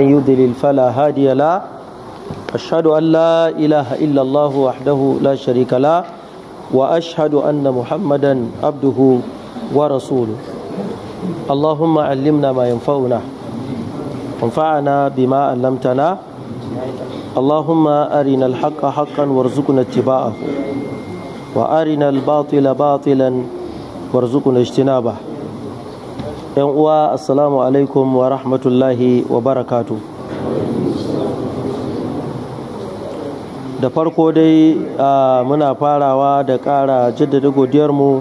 من يضلل فلا هادي له أشهد أن لا إله إلا الله وحده لا شريك له وأشهد أن محمدا عبده ورسوله اللهم علمنا ما ينفعنا وانفعنا بما علمتنا اللهم أرنا الحق حقا وارزقنا اتباعه وأرنا الباطل باطلا وارزقنا اجتنابه yan uwa assalamu alaikum wa rahmatullahi wa barakatu da farko dai muna farawa da ƙara jaddada godiyarmu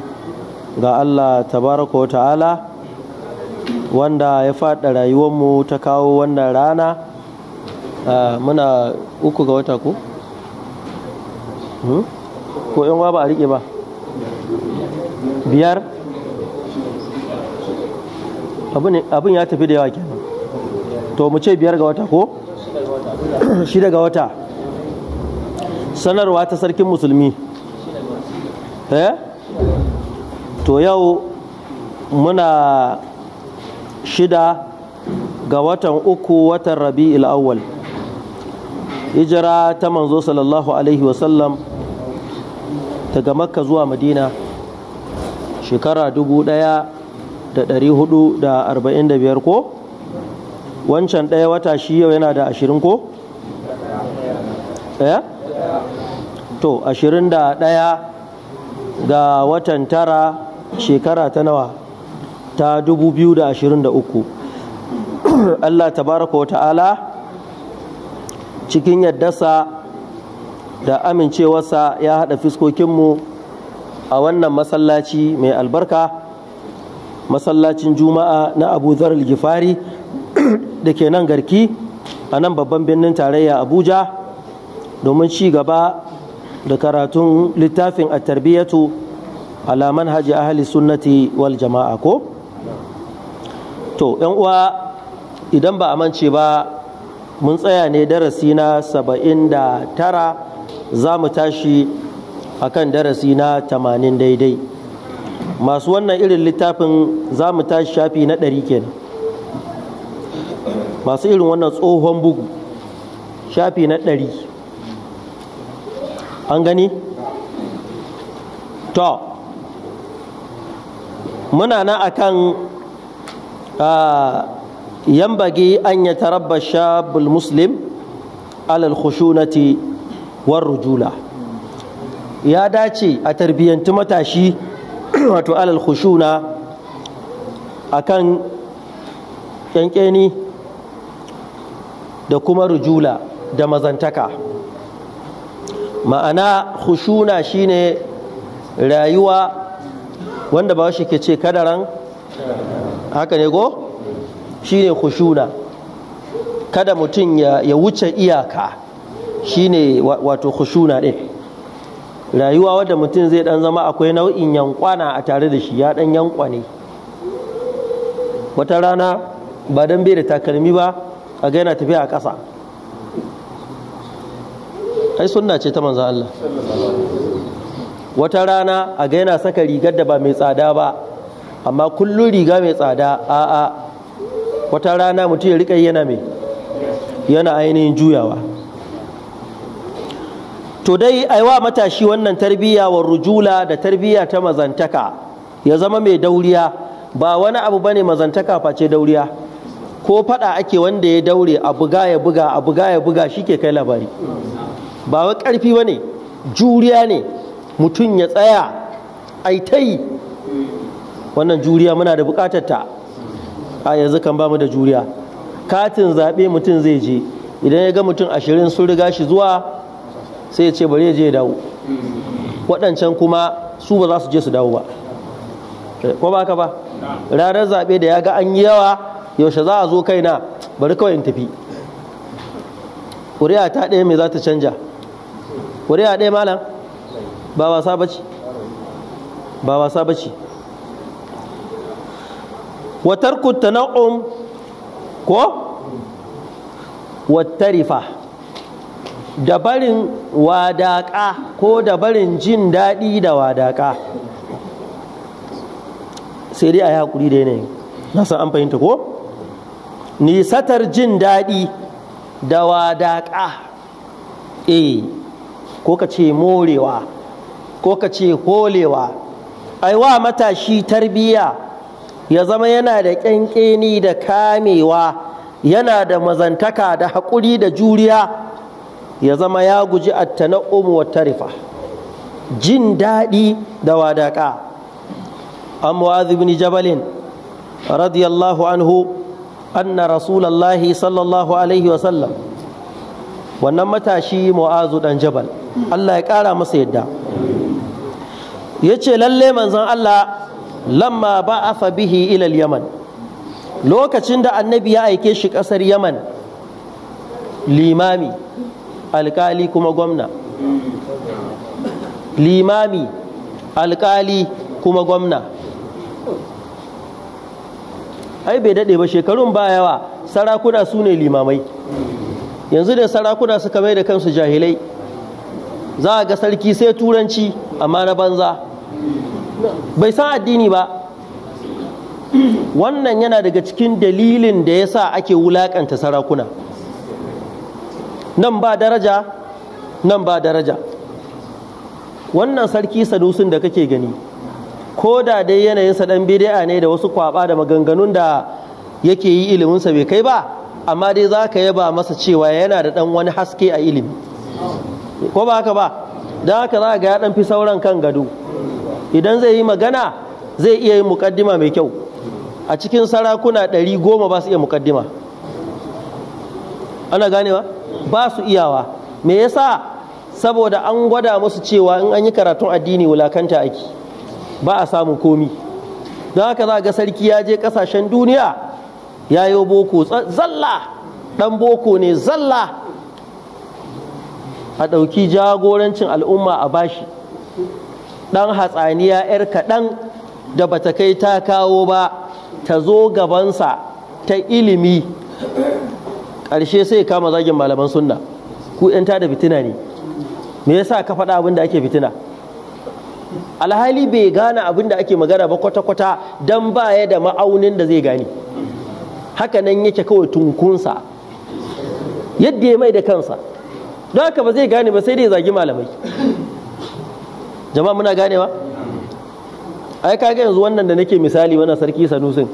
ga allah tabaraka wa ta'ala wanda ya faɗa rayuwarmu ta kawo wannan rana muna uku ga wata ko? Hmm? ko yan uwa ba a riƙe ba biyar abin ya tafi da yawa kenan to mu ce biyar ga wata ko shida ga wata sanarwa ta sarkin musulmi eh to yau muna shida ga watan uku watan rabi'il awwal hijira ta manzo sallallahu alaihi wasallam daga makka zuwa madina shekara dubu daya da ɗari hudu da arba'in da biyar ko wancan ɗaya wata shi yau yana da ashirin ko ɗaya eh? to ashirin da ɗaya ga watan tara shekara ta nawa ta dubu biyu da ashirin da uku allah tabaraka wa ta'ala cikin sa da amincewarsa ya haɗa fiskokinmu a wannan masallaci mai albarka masallacin juma'a na abu zarar gifari da ke nan garki a nan babban birnin tarayya abuja domin ci gaba da karatun littafin a tarbiyyatu alaman haji ahli sunnati wal jama'a ko to yan uwa idan ba a mance ba mun tsaya ne darasi na saba'in da tara za mu tashi akan darasi na tamanin daidai masu wannan irin littafin za mu tashi shafi na ɗari kenan masu irin wannan tsohon bugu shafi na ɗari an gani? to muna na akan bagi an ya tarabba shabul muslim alal khushunati war rujula ya dace a tarbiyyantu matashi wato alal khushuna akan kyankyani da kuma rujula da mazantaka ma'ana khushuna shine rayuwa wanda ba shi ke ce kadaran haka ne go shine khushuna kada mutum ya wuce iyaka shine wato khushuna din rayuwa wadda mutum zai dan zama akwai nau'in yankwana a tare da shi ya dan ne. wata rana ba dan bai da takalmi ba a ga yana tafiya a ƙasa ai sunna ce ta manzan Allah wata rana a ga yana saka rigar da ba mai tsada ba amma kullum riga mai tsada a'a wata rana mutum ya riƙa yana mai yana ainihin juyawa to dai aiwa matashi wannan tarbiyya wa rujula da tarbiyya ta mazantaka ya zama mai dauriya ba wani abu bane mazantaka face dauriya ko fada ake wanda ya daure a buga ya buga a buga ya buga shike kai labari ba wai karfi bane juriya ne mutum ya tsaya aitai wannan juriya muna da bukatar ta a yanzu kan ba mu da juriya katin zaɓe mutum zai je idan ya ga mutum ashirin sun riga shi zuwa sai ya ce bari ya je ya dawo waɗancan kuma su ba za su je su dawo ba eh, ko ba ka ba ranar zaɓe da ya ga an yi yawa yaushe za a zo kaina bari kawai in tafi ƙuri'a ta ɗaya mai za ta canja ƙuri'a ɗaya malam ba wasa ba ce ba wasa ba ce watar ko wattarifa da barin wadaƙa ko da barin jin daɗi da wadaƙa sai dai a yi haƙuri da yanayin na san an fahimta ko nisatar jin daɗi da wadaƙa e ko ka ce morewa ko ka ce holewa aiwa matashi tarbiyya ya zama yana da ƙyanƙeni da kamewa yana da mazantaka da haƙuri da juriya ya zama ya guji attana'um wa tarifa jin daɗi da wadaƙa an mu'adh ibn jabalin radiyallahu anhu anna rasulallahi sallallahu alaihi wa sallam wannan matashi mu'azu dan jabal Allah ya ƙara masa yadda ya ce lalle manzon Allah lamma ba'afa bihi ilal yaman lokacin da annabi ya aike shi ƙasar yaman limami alkali kuma gwamna limami alƙali kuma gwamna ai bai daɗe ba shekarun ba yawa sarakuna su ne limamai yanzu da sarakuna suka mai da kansu jahilai za a ga sarki sai turanci amma na banza bai san addini ba wannan yana daga cikin dalilin da ya sa ake wulaƙanta sarakuna nan ba daraja nan ba daraja wannan sarki sadusun da kake gani ko da dai yanayinsa dan bidi'a ne da wasu kwaba da maganganun da yake yi iliminsa bai kai ba amma dai za ka yaba masa cewa yana da ɗan wani haske a ilimi ko ba haka ba don haka za ga ya ɗan fi sauran kan gado idan zai yi magana zai iya yin mukaddima mai kyau a cikin sarakuna ɗari goma ba su iya mukaddima ana ganewa ba su iyawa me yasa saboda an gwada musu cewa in an yi karatun addini wulakanta ake ba a samu komi don haka za ga sarki ya je kasashen duniya ya yi boko zalla dan boko ne zalla a ɗauki jagorancin al'umma a bashi ɗan hatsaniya 'yar kaɗan da bata kai ta kawo ba ta zo gabansa ta ilimi ƙarshe sai kama zagin malaman sunna ku yan tada fitina ne me yasa ka faɗa abin da ake fitina alhali bai gane abin da ake magana ba kwata-kwata don ba ya da ma'aunin da zai gane haka nan yake kawai tunkunsa yadda ya mai da kansa don haka ba zai gane ba sai dai zagi malamai jama'a muna ganewa ai kaga yanzu wannan da nake misali mana sarki sanusin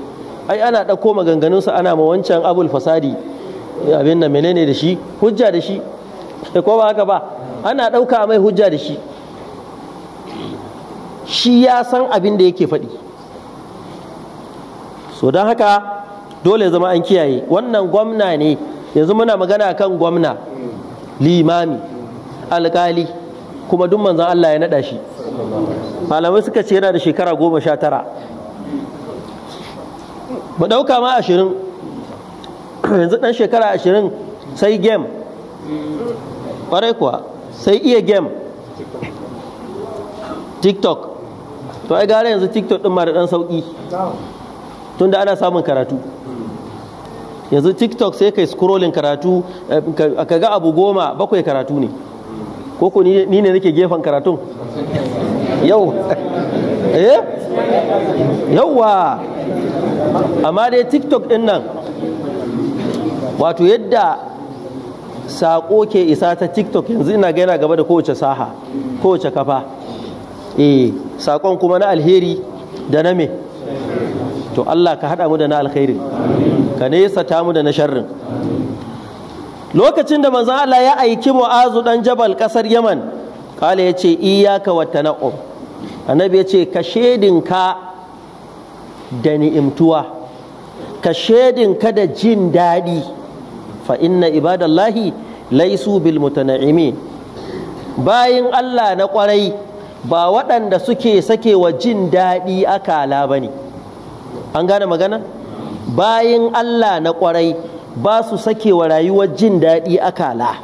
ai ana ɗauko maganganunsa ana ma wancan abul fasadi abin nan menene da shi hujja da shi eh, ko ba haka ba ana ɗauka mai hujja da shi shi ya san abin da yake faɗi so don haka dole zama an kiyaye wannan gwamna ne yanzu muna magana kan gwamna limami alkali kuma duk manzon Allah ya naɗa shi malamai suka ce yana da shekara goma sha tara mu ɗauka ma ashirin yanzu ɗan shekara ashirin sai game ƙwarai kuwa sai iya game tiktok to ai gara yanzu tiktok ɗin ma da sauƙi. tun tunda ana samun karatu yanzu tiktok sai kai scrolling karatu eh, ka ga abu goma bakwai karatu ne koko ni ne nake gefen karatun yau eh yauwa amma dai tiktok din nan wato yadda saƙo ke isa ta tiktok yanzu ina gaina yana gaba da kowace saha kowace kafa eh saƙon kuma na alheri da na me to Allah ka haɗa mu da na alheri. ka nesa ta mu da na sharrin lokacin da manzon Allah ya aiki mu'azu dan jabal ƙasar yaman kala ya ce iyaka wa tana'um annabi ya ce ka shedinka da ni'imtuwa ka shedinka da jin daɗi fa inna ibadallahi laisu bil mutana'imin bayin Allah na kwarai ba waɗanda suke sake wa jin daɗi akala bane an gane magana bayin Allah na kwarai ba su sake wa rayuwar jin daɗi akala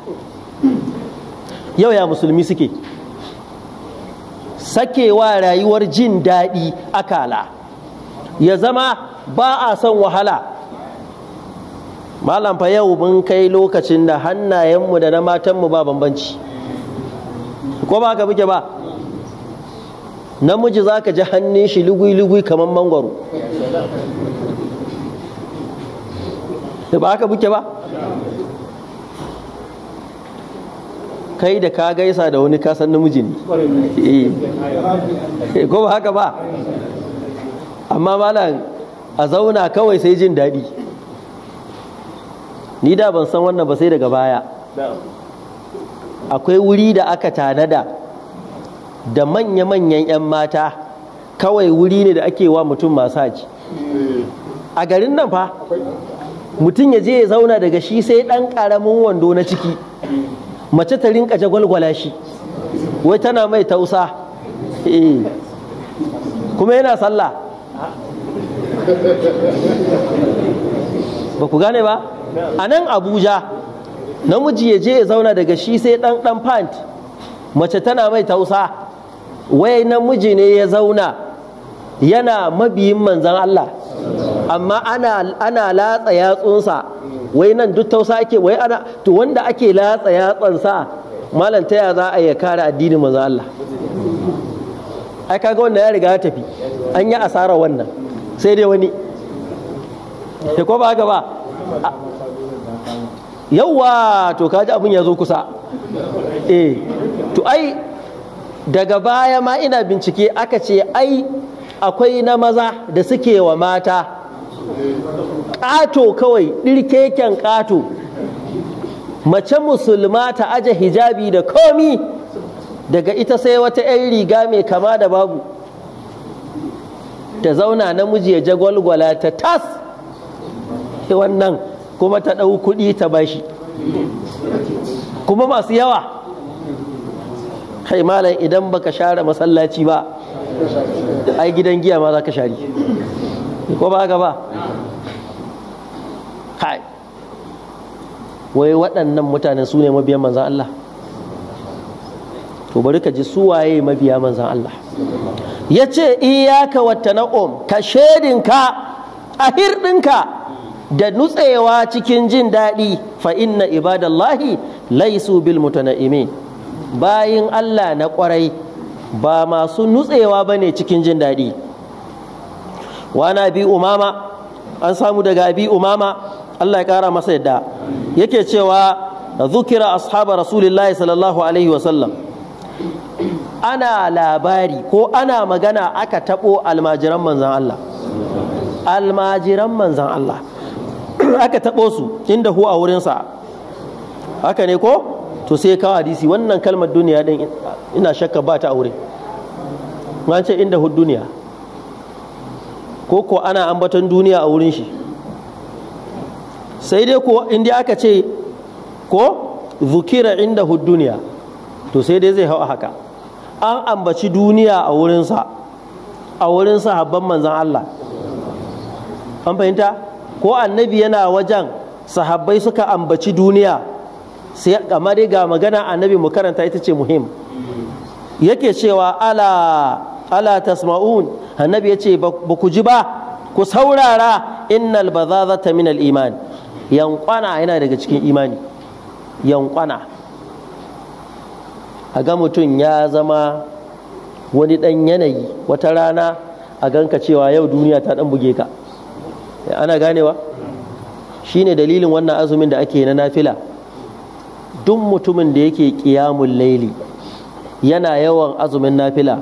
yau ya musulmi suke sakewa rayuwar jin daɗi akala ya zama ba a son wahala malam fa yau mun kai lokacin da hannayenmu da na matanmu ba bambanci ko ba ka muke ba namiji za ka ji hannun shi lugui-lugui kamar mangwaro ba haka muke ba kai da ka gaisa da wani kasan namiji ne eh. Eh, ko ba haka ba amma malam a zauna kawai sai jin daɗi ni da ban san wannan ba sai daga baya akwai wuri da aka tanada da manya-manyan 'yan mata kawai wuri ne da ake wa mutum masaji eh. a garin nan fa mutum ya je ya zauna daga shi sai ɗan karamin wando na ciki hmm. mace ta rinka jagwalgwala shi wai tana mai tausa eh. kuma yana sallah ba ku gane ba a nan abuja namiji ya je ya zauna daga shi sai ɗan dan pant mace tana mai tausa wai namiji ne ya zauna yana mabiyin manzan Allah amma ana ana latsa yatsunsa wai nan duk tausa ake wai ana to wanda ake latsa yatsansa malam za a ya kare addinin manzan Allah ai kaga wannan ya riga ya tafi an yi asara wannan sai dai wani ko ba ga ba yauwa to kaji abin ya zo kusa eh to ai daga baya ma ina bincike aka ce ai akwai na maza da suke wa mata ƙato kawai ɗirkeken ƙato mace musulma ta aje hijabi da komi daga ita sai wata 'yan riga mai kama da babu ta zauna namiji ya jagwalgwala ta tas wannan kuma ta ɗau kuɗi ta bashi kuma masu yawa kai malam idan baka share masallaci ba ai gidan giya ma za ka share ko ba haka ba kai wai waɗannan mutanen su ne mabiyan manzan Allah to bari ka ji su waye mabiya manzan Allah ya ce iyaka wata na'om ka shedinka a hirɗinka da nutsewa cikin jin daɗi fa inna ibadallahi laisu bil mutana'imi bayin Allah na kwarai ba masu nutsewa ba ne cikin jin daɗi wana bi umama an samu daga bi umama Allah ya ƙara masa yadda yake cewa zukira ashaba rasulillahi sallallahu alaihi wasallam ana labari ko ana magana aka taɓo almajiran manzan Allah almajiran manzan Allah aka taɓo su inda hu a wurinsa haka ne ko to sai kawo hadisi wannan kalmar duniya ɗin ina shakka ba ta aure an ce inda hu duniya ko ko ana ambaton duniya a wurin shi sai dai ko inda aka ce ko zukira inda hu duniya to sai dai zai hau a haka an ambaci duniya a wurinsa a wurin habban manzan Allah an fahimta ko annabi yana wajen sahabbai suka ambaci duniya sai kamar ga magana annabi mu karanta ita ce muhim yake cewa ala ala tasma'un annabi yace ce ba ku ji ba ku saurara innal bazazata min al iman yankwana yana daga cikin imani yankwana a ga mutum ya zama wani ɗan yanayi wata rana a ganka cewa yau duniya ta dan buge ka ana ganewa shine dalilin wannan azumin da ake na nafila duk mutumin da yake ƙiyamun laili yana yawan azumin nafila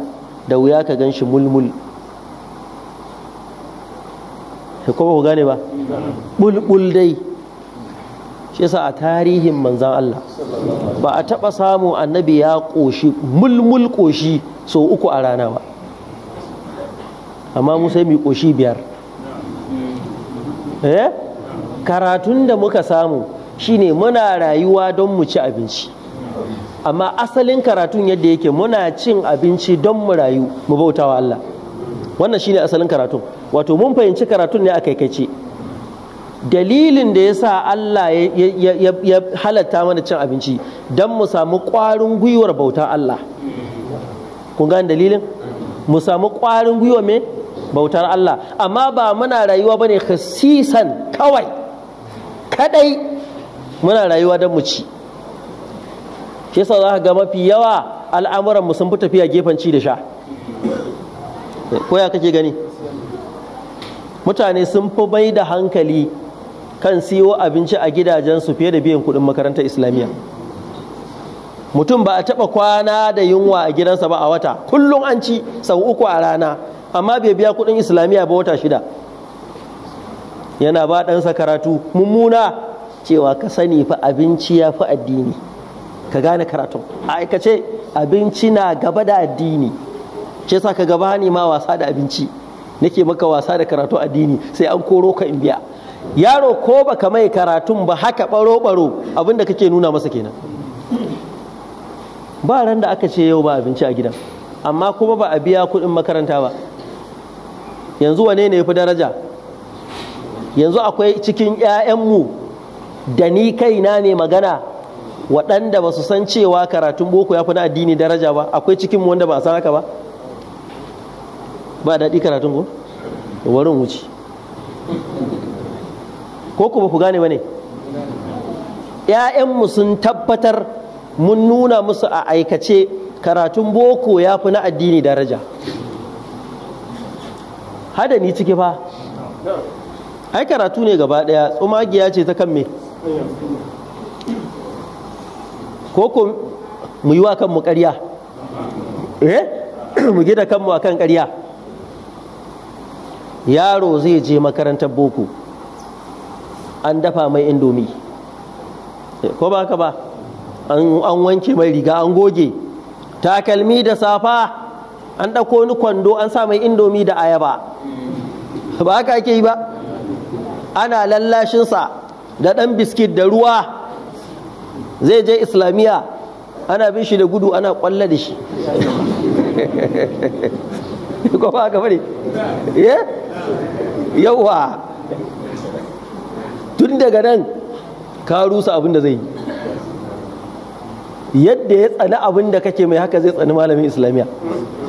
da wuya ka gan shi mulmul kuma ku gane ba bulbul dai shi yasa a tarihin manzan Allah ba a taɓa samu annabi ya ƙoshi mulmul ƙoshi sau uku a rana ba amma mu sai mu ƙoshi biyar Eh? karatun da muka samu shine muna rayuwa don mu ci abinci amma asalin karatun yadda yake muna cin abinci don mu rayu mu bauta wa Allah wannan shine asalin karatun wato mun fahimci karatun ne a kaikaice dalilin da ya sa Allah ya halatta mana cin abinci don mu samu ƙwarin gwiwar bautan Allah kun gane dalilin mu samu ƙwarin gwiwa mai. bautar Allah amma ba muna rayuwa bane khassisan kawai kadai muna rayuwa don mu ci shi yasa zaka ga mafi yawa al'amuran mu sun fi tafiya gefen ci da sha koya kake gani mutane sun fi bai da hankali kan siyo abinci a gidajensu fiye da biyan kuɗin makarantar islamiyya mutum ba a taɓa kwana da yunwa a gidansa ba a wata kullum an ci sau uku a rana amma bai biya kuɗin islamiyya ba wata shida yana ba ɗansa karatu mummuna cewa ka sani fa abinci ya fi addini ka gane karatu. a aikace abinci na gaba da addini ce sa ka gaba ne ma wasa da abinci nake maka wasa da karatu addini sai an koro ka in biya yaro ko baka mai karatun ba haka baro baro abinda kake nuna masa kenan ba ran da aka ce yau ba abinci a gidan amma kuma ba a biya kuɗin makaranta ba yanzu wane ne fi daraja yanzu akwai cikin 'ya'yanmu da ni kaina ne magana waɗanda ba su san cewa karatun boko ya fi na addini daraja ba akwai cikinmu wanda ba a san haka ba ba daɗi karatun ko warin wuce ko ku ba ku gane ba ne ‘ya'yanmu sun tabbatar mun nuna musu a aikace karatun boko ya fi na addini daraja hada ni ciki fa ai karatu ne gaba daya tsumagiya ce ta kan me ko ko mu yi wa kanmu ƙarya eh mu gida kanmu kan ƙarya yaro zai je makarantar boko an dafa mai indomi eh, ko ba ka ba an wanke mai riga an goge takalmi da safa an ɗauko ni kwando an sa mai indomi da ayaba ba haka ake yi ba ana lallashinsa da ɗan biskit da ruwa zai je islamiyya ana bin shi da gudu ana kwalla da shi ko ba haka eh? tun daga nan ka rusa abin da zai yi yadda ya tsani abin da kake mai haka zai tsani malamin islamiyya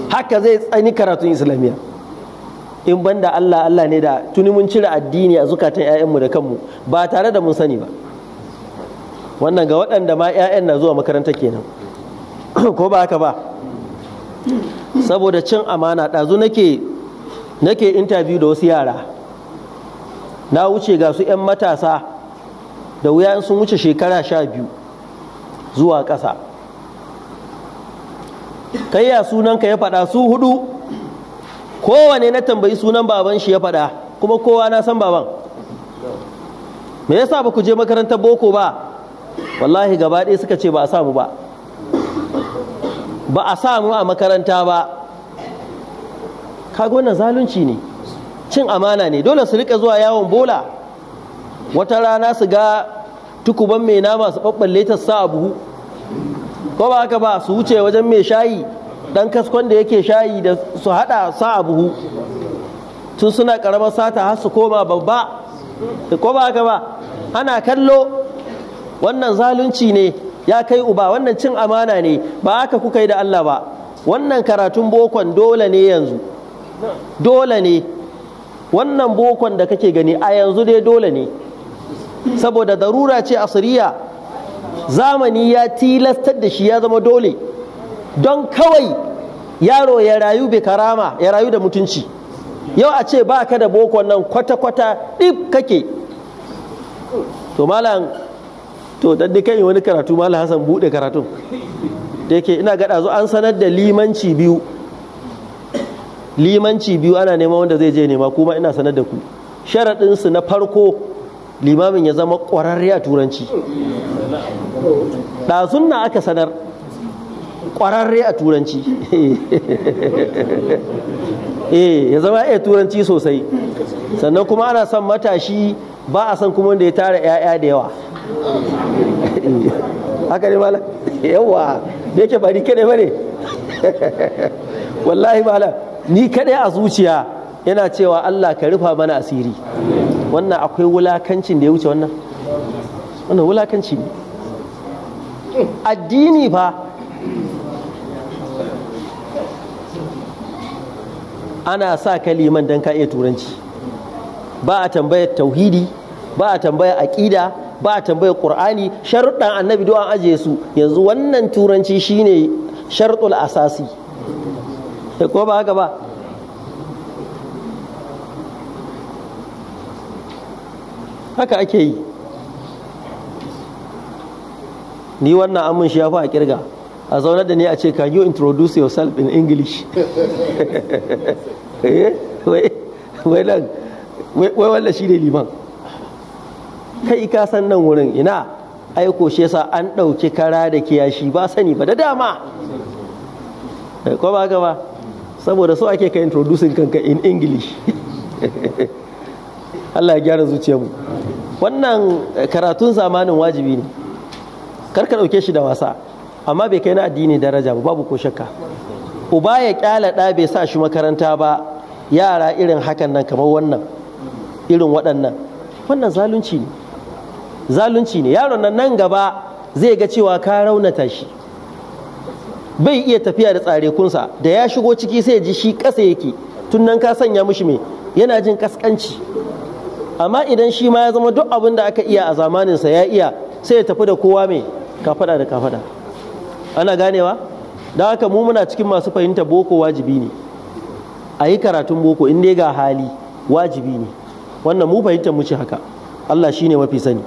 haka zai tsani karatun islamiyya in banda Allah Allah ne da tuni mun cire addini a zukatan 'ya'yanmu da kanmu ba tare da mun sani ba wannan ga waɗanda ma 'ya'yan na zuwa makaranta kenan ko ba haka ba saboda cin amana ɗazu nake nake interview da wasu yara na wuce ga su 'yan matasa da wuya in sun wuce shekara sha biyu zuwa ƙasa kai ya sunanka ya faɗa su hudu kowane na tambayi sunan baban shi ya faɗa kuma kowa na san baban me yasa ba ku je makarantar boko ba wallahi gaba ɗaya suka ce ba a samu ba ba a samu a makaranta ba kaga wannan zalunci ne cin amana ne dole su rika zuwa yawon bola wata rana su ga tukuban mai nama su ɓaɓɓalle ta sa a buhu ko ba haka ba su wuce wajen mai shayi dan kaskon da yake shayi da su hada sa a buhu tun suna karamar sata har su koma babba ko ba haka ba ana kallo wannan zalunci ne ya kai uba wannan cin amana ne ba haka kuka yi da Allah ba wannan karatun bokon dole ne yanzu dole ne wannan bokon da kake gani a yanzu dai dole ne saboda darura ce asiriya zamani ya tilastar da shi ya zama dole don kawai yaro ya rayu bai karama ya rayu da mutunci yau a ce ba ka da boko nan kwata-kwata ɗib kake to malam to dan yi wani karatu malam Hassan bude karatun da yake ina ga ɗazu an sanar da limanci biyu limanci biyu ana neman wanda zai je nema kuma ina sanar da ku sharaɗinsu na farko limamin ya zama ƙwararre a turanci ɗazun na aka sanar Kwararre a turanci eh ya zama iya turanci sosai sannan kuma ana son matashi ba a son kuma wanda ya tara 'ya'ya da yawa haka ne malam yawa da yake ba ni kadai ba ne wallahi malam ni kadai a zuciya yana cewa Allah ka rufa mana asiri wannan akwai wulakancin da ya wuce wannan wannan wulakanci ne addini fa ana sa kaliman don dan ka iya turanci ba a tambayar tauhidi ba a tambayar aƙida ba a tambayar ƙur'ani sharuɗan annabi don an ajiye su yanzu wannan turanci shine sharuɗul asasi eh, ko ba haka ba haka ake yi ni wannan amin shi ya fi a ƙirga. a zaunar da ni a ce can you introduce yourself in english eh? wai wanda shi ne liman kai ka san nan wurin ina aiko shi yasa an ɗauki kara da kiyashi ba sani ba da dama eh, ko ba gaba saboda so ake ka introducing kanka in english Allah ya gyara zuciyarmu wannan karatun zamanin wajibi ne karka ɗauke shi da wasa amma bai kai na addini daraja ba babu ko shakka uba ya kyala ɗa bai sa shi makaranta ba yara irin hakan nan kamar wannan irin waɗannan wannan zalunci ne zalunci ne yaron nan nan gaba zai ga cewa ka raunata shi bai iya tafiya da tsarekunsa da ya shigo ciki sai ji shi ƙasa yake tun nan ka sanya mishi me yana jin kaskanci amma idan shi ma ya zama duk abin da aka iya a zamaninsa ya iya sai ya tafi da kowa mai kafada da kafada ana ganewa da haka mu muna cikin masu fahimta boko wajibi ne a yi karatun boko in dai ga hali wajibi ne wannan mu fahimtar mu ce haka Allah shi ne mafi sani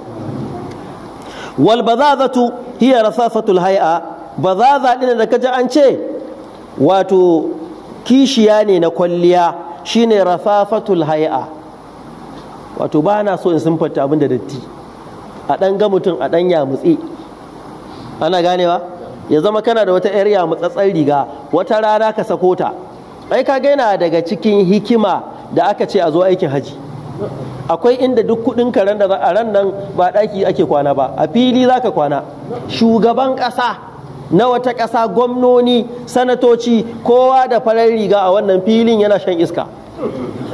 wal bazazatu hiya ba hay'a bazaza din da kaji an ce wato kishiya ne na kwalliya shine rasasatul hay'a wato ba na so in sunfata abin da datti a ɗan ga mutum a ɗan ya mutsi ana ganewa ya zama kana da wata yarya matsatsar riga wata rana ka sako ta ai ka gaina daga cikin hikima da aka ce a zo aikin haji akwai inda duk kudin ka ran da a ran nan ba daki ake kwana ba a fili zaka kwana shugaban kasa na wata kasa gwamnoni sanatoci kowa da farar riga a wannan filin yana shan iska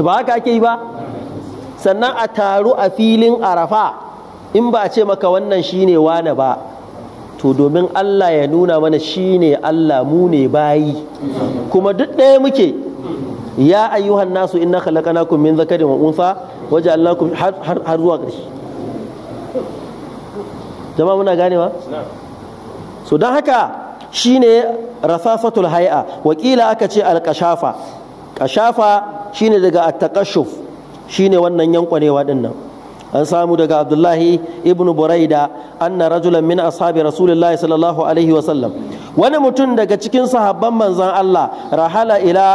ba haka ake yi ba sannan a taru a filin arafa in ba a ce maka wannan shine wane ba to domin Allah ya nuna mana shi ne Allah mu ne bayi kuma duk ɗaya muke ya ayyuhan nasu inna khalaqnakum min zakarin wa unsa waja'alnakum har zuwa ƙarshe jama'a muna ganewa so don haka shine rasasatul hay'a wakila aka ce alkashafa kashafa shine daga at Shi shine wannan yankwanewa din nan an samu daga abdullahi ibn buraida anna rajulan min ashabi rasulillahi sallallahu alaihi wasallam wani mutum daga cikin sahabban manzon Allah rahala ila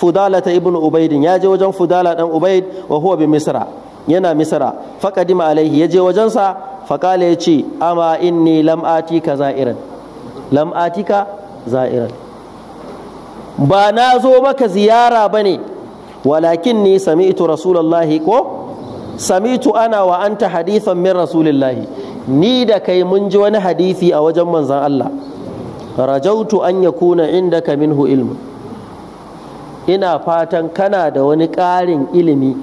fudalata Ibn ubaidin ya je wajen fudala dan ubaid wa huwa bi misra yana misra faqadima alaihi ya je wajensa faqala ya ce ama inni lam atika za'iran lam atika za'iran ba na zo maka ziyara bane walakin ni sami'tu rasulullahi ko sami'tu ana wa anta hadithan min rasulillahi ni da kai mun ji wani hadisi a wajen manzan Allah rajautu an ya kuna inda ka minhu ilmu ina fatan kana da wani ƙarin ilimi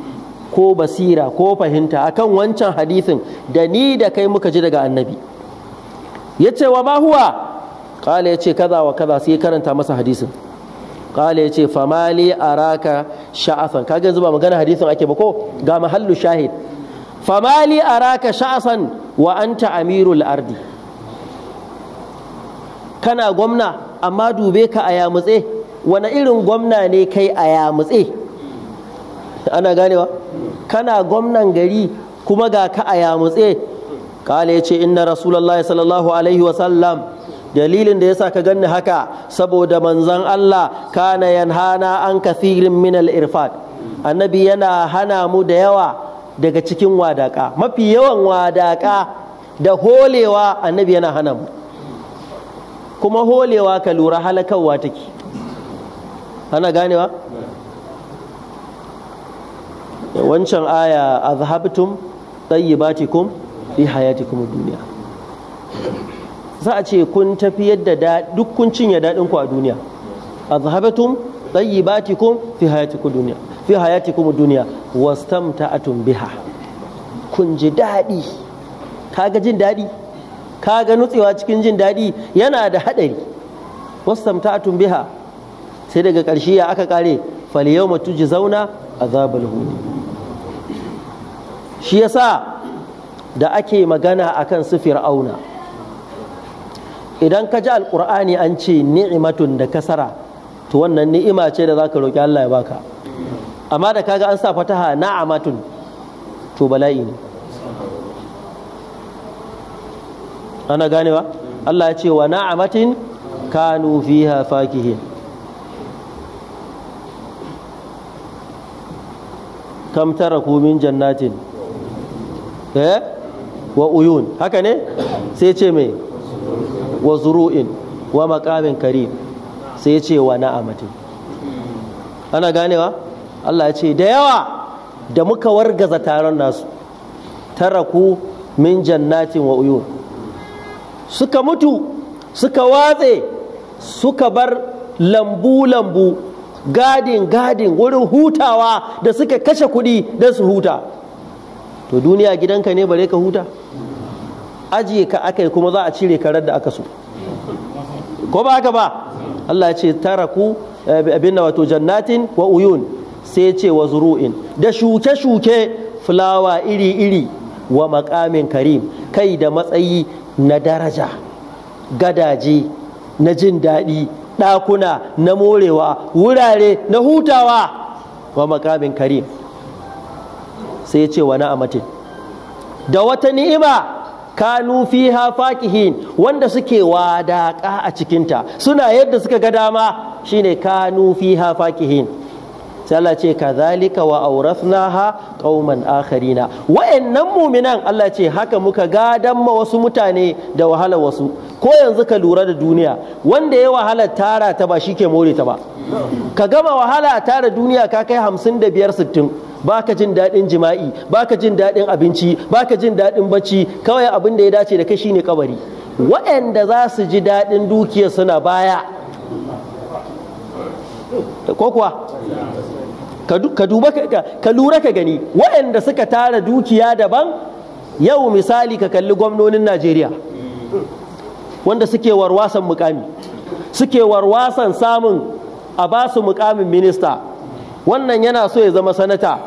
ko basira ko fahimta akan wancan hadisin da ni da kai muka ji daga annabi ya ce wa huwa ƙala ya ce kaza wa kaza sai karanta masa hadisin ƙala ya ce famali araka sha'asan kaga zuba magana hadisin ake ba ko ga mahallu shahid famali araka sha'asan wa anta amirul ardi kana gwamna amma dube ka a yamutse wani irin gwamna ne kai a yamutse ana ganewa kana gwamnan gari kuma ga ka a yamutse kala ya ce inna rasulallah sallallahu alaihi wasallam dalilin da yasa ka ganni haka saboda manzan Allah kana yanhana an kathirin minal irfad annabi yana hana mu da yawa daga cikin wadaka mafi yawan wadaka da holewa annabi yana hana mu kuma holewa ka lura ta take ana ganewa wancan aya azhabtum tayyibatikum fi hayatikum duniya za a ce kun tafi yadda duk kun cinye ku a duniya azhabtum tayyibatikum fi hayatikum duniya fi kuma duniya atun biha kun ji daɗi kaga jin daɗi kaga nutsewa cikin jin daɗi yana da haɗari atun biha sai daga ƙarshe ya aka ƙare fal Zauna a zabal hudu. shi ya sa da ake magana akan su fir'auna idan ka ji alƙur'ani an ce ni'imatun da kasara to wannan ni'ima ce da za ka roƙi Allah ya baka amma da kaga an sa fataha na'amatun to bala'i ne ana ganewa Allah ya ce wa na'amatin kanu fiha fakihin kam taraku min jannatin eh wa uyun haka ne sai ce mai wa zuru'in wa makamin karim sai ce wa na'amatin ana ganewa Allah ya ce da yawa da muka wargaza taron nasu taraku min jannatin wa uyun suka mutu suka watse suka bar lambu-lambu gadin-gadin wurin hutawa da suka kashe kuɗi don su huta to duniya gidanka ne bare ka huta ajiye ka aka kuma za a cire karar da aka so ko ba haka ba Allah ya ce taraku eh, abin wato jannatin wa uyun sai ce wa zuru'in da shuke-shuke fulawa iri-iri wa makamin karim kai da matsayi na daraja gadaje na jin daɗi ɗakuna na morewa wurare na hutawa wa makamin karim sai ce wa na'amatin da wata ni'ima kanu fiha wanda suke wadaƙa a cikinta suna yadda suka ga dama shine nufi ha fakihin. Allah ce kazalika wa ha ƙauman akharina wa'annan mu'minan Allah ce haka muka gadan ma wasu mutane da wahala wasu ko yanzu ka lura da duniya wanda ya wahala tara ta ba shi ke more ta ba ka gama wahala a tara duniya ka kai hamsin da biyar sittin ba ka jin daɗin jima'i ba ka jin daɗin abinci ba ka jin daɗin bacci kawai abin da ya dace da kai shine kabari waɗanda za su ji daɗin dukiya suna baya ko kuwa ka duba ka lura ka gani waɗanda suka tara dukiya daban yau misali ka kalli gwamnonin najeriya wanda suke warwasan mukami suke warwasan samun a ba su mukamin minista wannan yana so ya zama sanata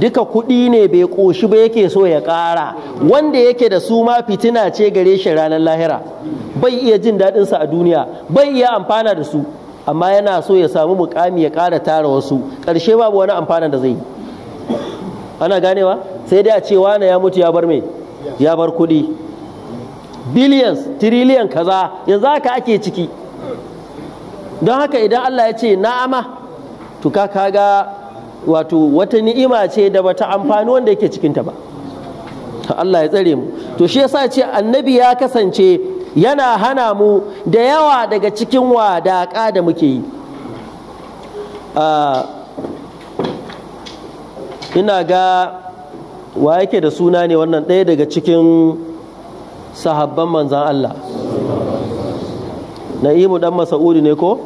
duka kuɗi ne bai ƙoshi ba yake so ya ƙara wanda yake da su ma fitina ce gare shi ranar lahira bai iya jin daɗinsa a duniya bai iya amfana da su amma yana so ya samu mukami ya ƙara tara wasu ƙarshe babu wani amfanin da zai yi ana ganewa sai dai a ce wane ya mutu ya bar me ya bar kuɗi billions trillion kaza yanzu haka ake ciki don haka idan Allah ya ce na'ama to ka kaga wato wata ni'ima ce da bata amfani wanda yake cikinta ba Allah ya tsare mu to shi yasa ce annabi ya kasance yana hana mu da yawa daga cikin wadaƙa da muke yi ina ga wa yake da suna ne wannan ɗaya daga cikin sahabban manzan Allah na'imu dan masa'udi ne ko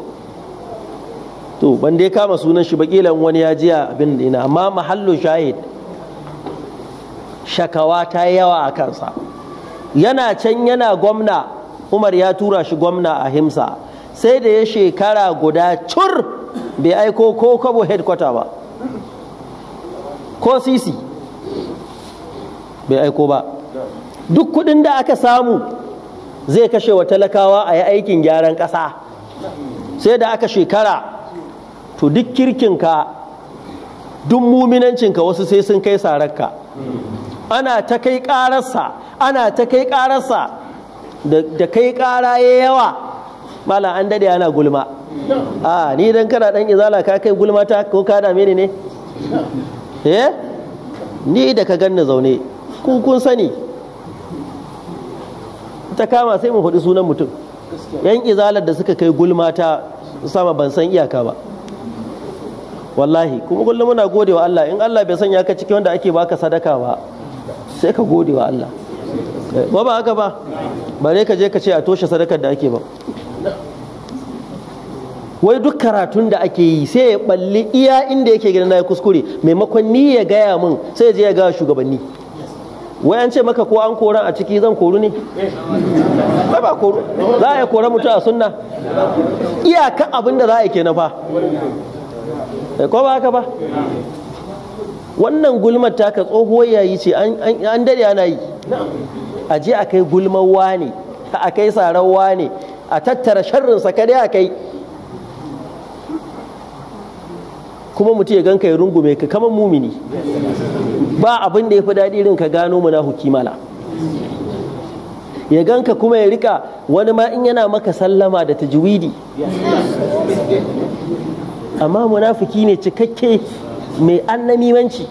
to ban dai kama sunan shi baƙila wani ya jiya abin ina amma mahallin shahid shakawa ta yawa a kansa yana can yana gwamna umar ya tura shi gwamna a himsa sai da ya shekara guda cur bai aiko ko kabo headquarter ba ko sisi bai aiko ba duk kudin da aka samu zai kashe wa talakawa a yi aikin gyaran ƙasa sai da aka shekara to duk kirkinka duk muminancinka wasu sai sun kai sararka ana ta kai ƙararsa ana ta kai ƙararsa da kai ƙara ya yawa mala an dade ana gulma a ni don kana dan izala ka kai gulma ta ko ka dame ni ne eh ni da ka ganni zaune ku kun sani ta kama sai mu faɗi sunan mutum yan izalar da suka kai gulma ta sama ban san iyaka ba wallahi kuma kullum muna gode wa Allah in Allah bai sanya ka cikin wanda ake baka sadaka ba sai ka gode wa Allah ba ba haka ba bare ka je ka ce a toshe sadakar da ake ba wai duk karatun da ake yi sai ya balli iya inda yake gidan na ya kuskure maimakon ni ya gaya mun sai je ya gaya shugabanni wai an ce maka ko an kora a ciki zan koru ne ba ba koru za a kora mutu a sunna iyaka abin da za a yi kenan fa ko ba haka ba wannan gulmar taka tsohuwar yayi ce an dare ana yi a je a kai gulmar wane a kai wane a tattara sharrinsa kada a kai kuma mutum ya ganka ya rungume ka kamar mumini ba abin da ya fi daɗi rin ka gano muna hukimala ya gan ka kuma ya rika wani ma in yana maka sallama da tajwidi amma munafiki ne cikakke mai annamimanci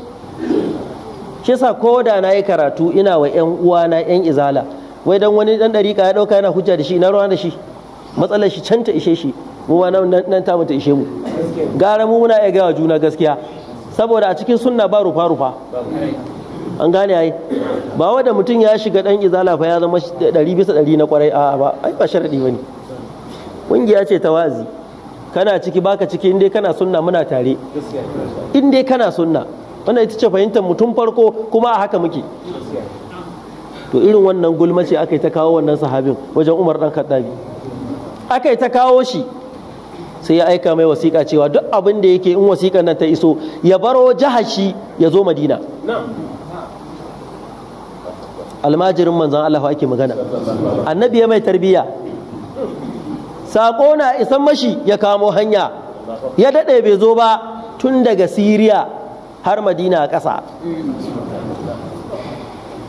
shi sa ko da na yi karatu ina wa 'yan uwana 'yan izala wai don wani dan dariƙa ya ɗauka yana hujja da shi na ruwa da shi matsalar shi can ta ishe shi mu ma nan ta mata ishe mu gara mu muna iya gawa juna gaskiya saboda a cikin sunna ba rufa rufa an gane ai ba wanda mutum ya shiga dan izala fa ya zama ɗari bisa ɗari na kwarai a'a ba ai ba sharadi bane ƙungiya ce ta wazi. kana ciki baka ciki in kana sunna muna tare in dai kana sunna wanda ita ce fahimtar mutum farko kuma a haka muke to irin wannan gulma ce aka yi ta kawo wannan sahabin wajen umar dan khattabi aka yi ta kawo shi sai ya aika mai wasiƙa cewa duk abin da yake in wasiƙan nan ta iso ya baro jihar shi ya zo madina almajirin manzan Allah ake magana annabi ya mai tarbiyya saƙo na isan mashi ya kamo hanya ya daɗe bai zo ba tun daga siriya har madina ƙasa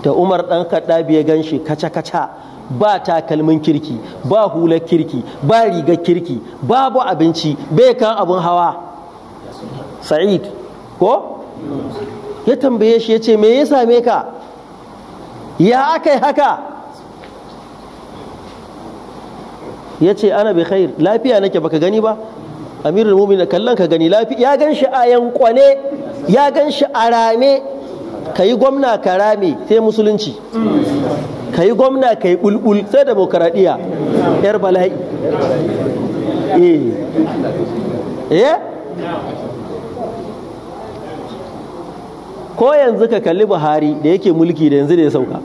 da umar ɗan kaɗa ya gan shi kaca-kaca ba takalmin kirki ba hular kirki ba rigar kirki babu abinci bai kan abin hawa sa'id ko ya tambaye shi ya ce me ya same ka ya aka yi haka ya ce ana bi khair lafiya nake baka gani ba amirul mumin kallon ka gani lafiya ya gan shi a yankwane ya gan shi a rame ka yi gwamna ka rame sai musulunci ka yi gwamna ka yi bulbul sai demokaradiyya yar bala'i eh, eh? ko yanzu ka kalli buhari da yake mulki da yanzu da ya sauka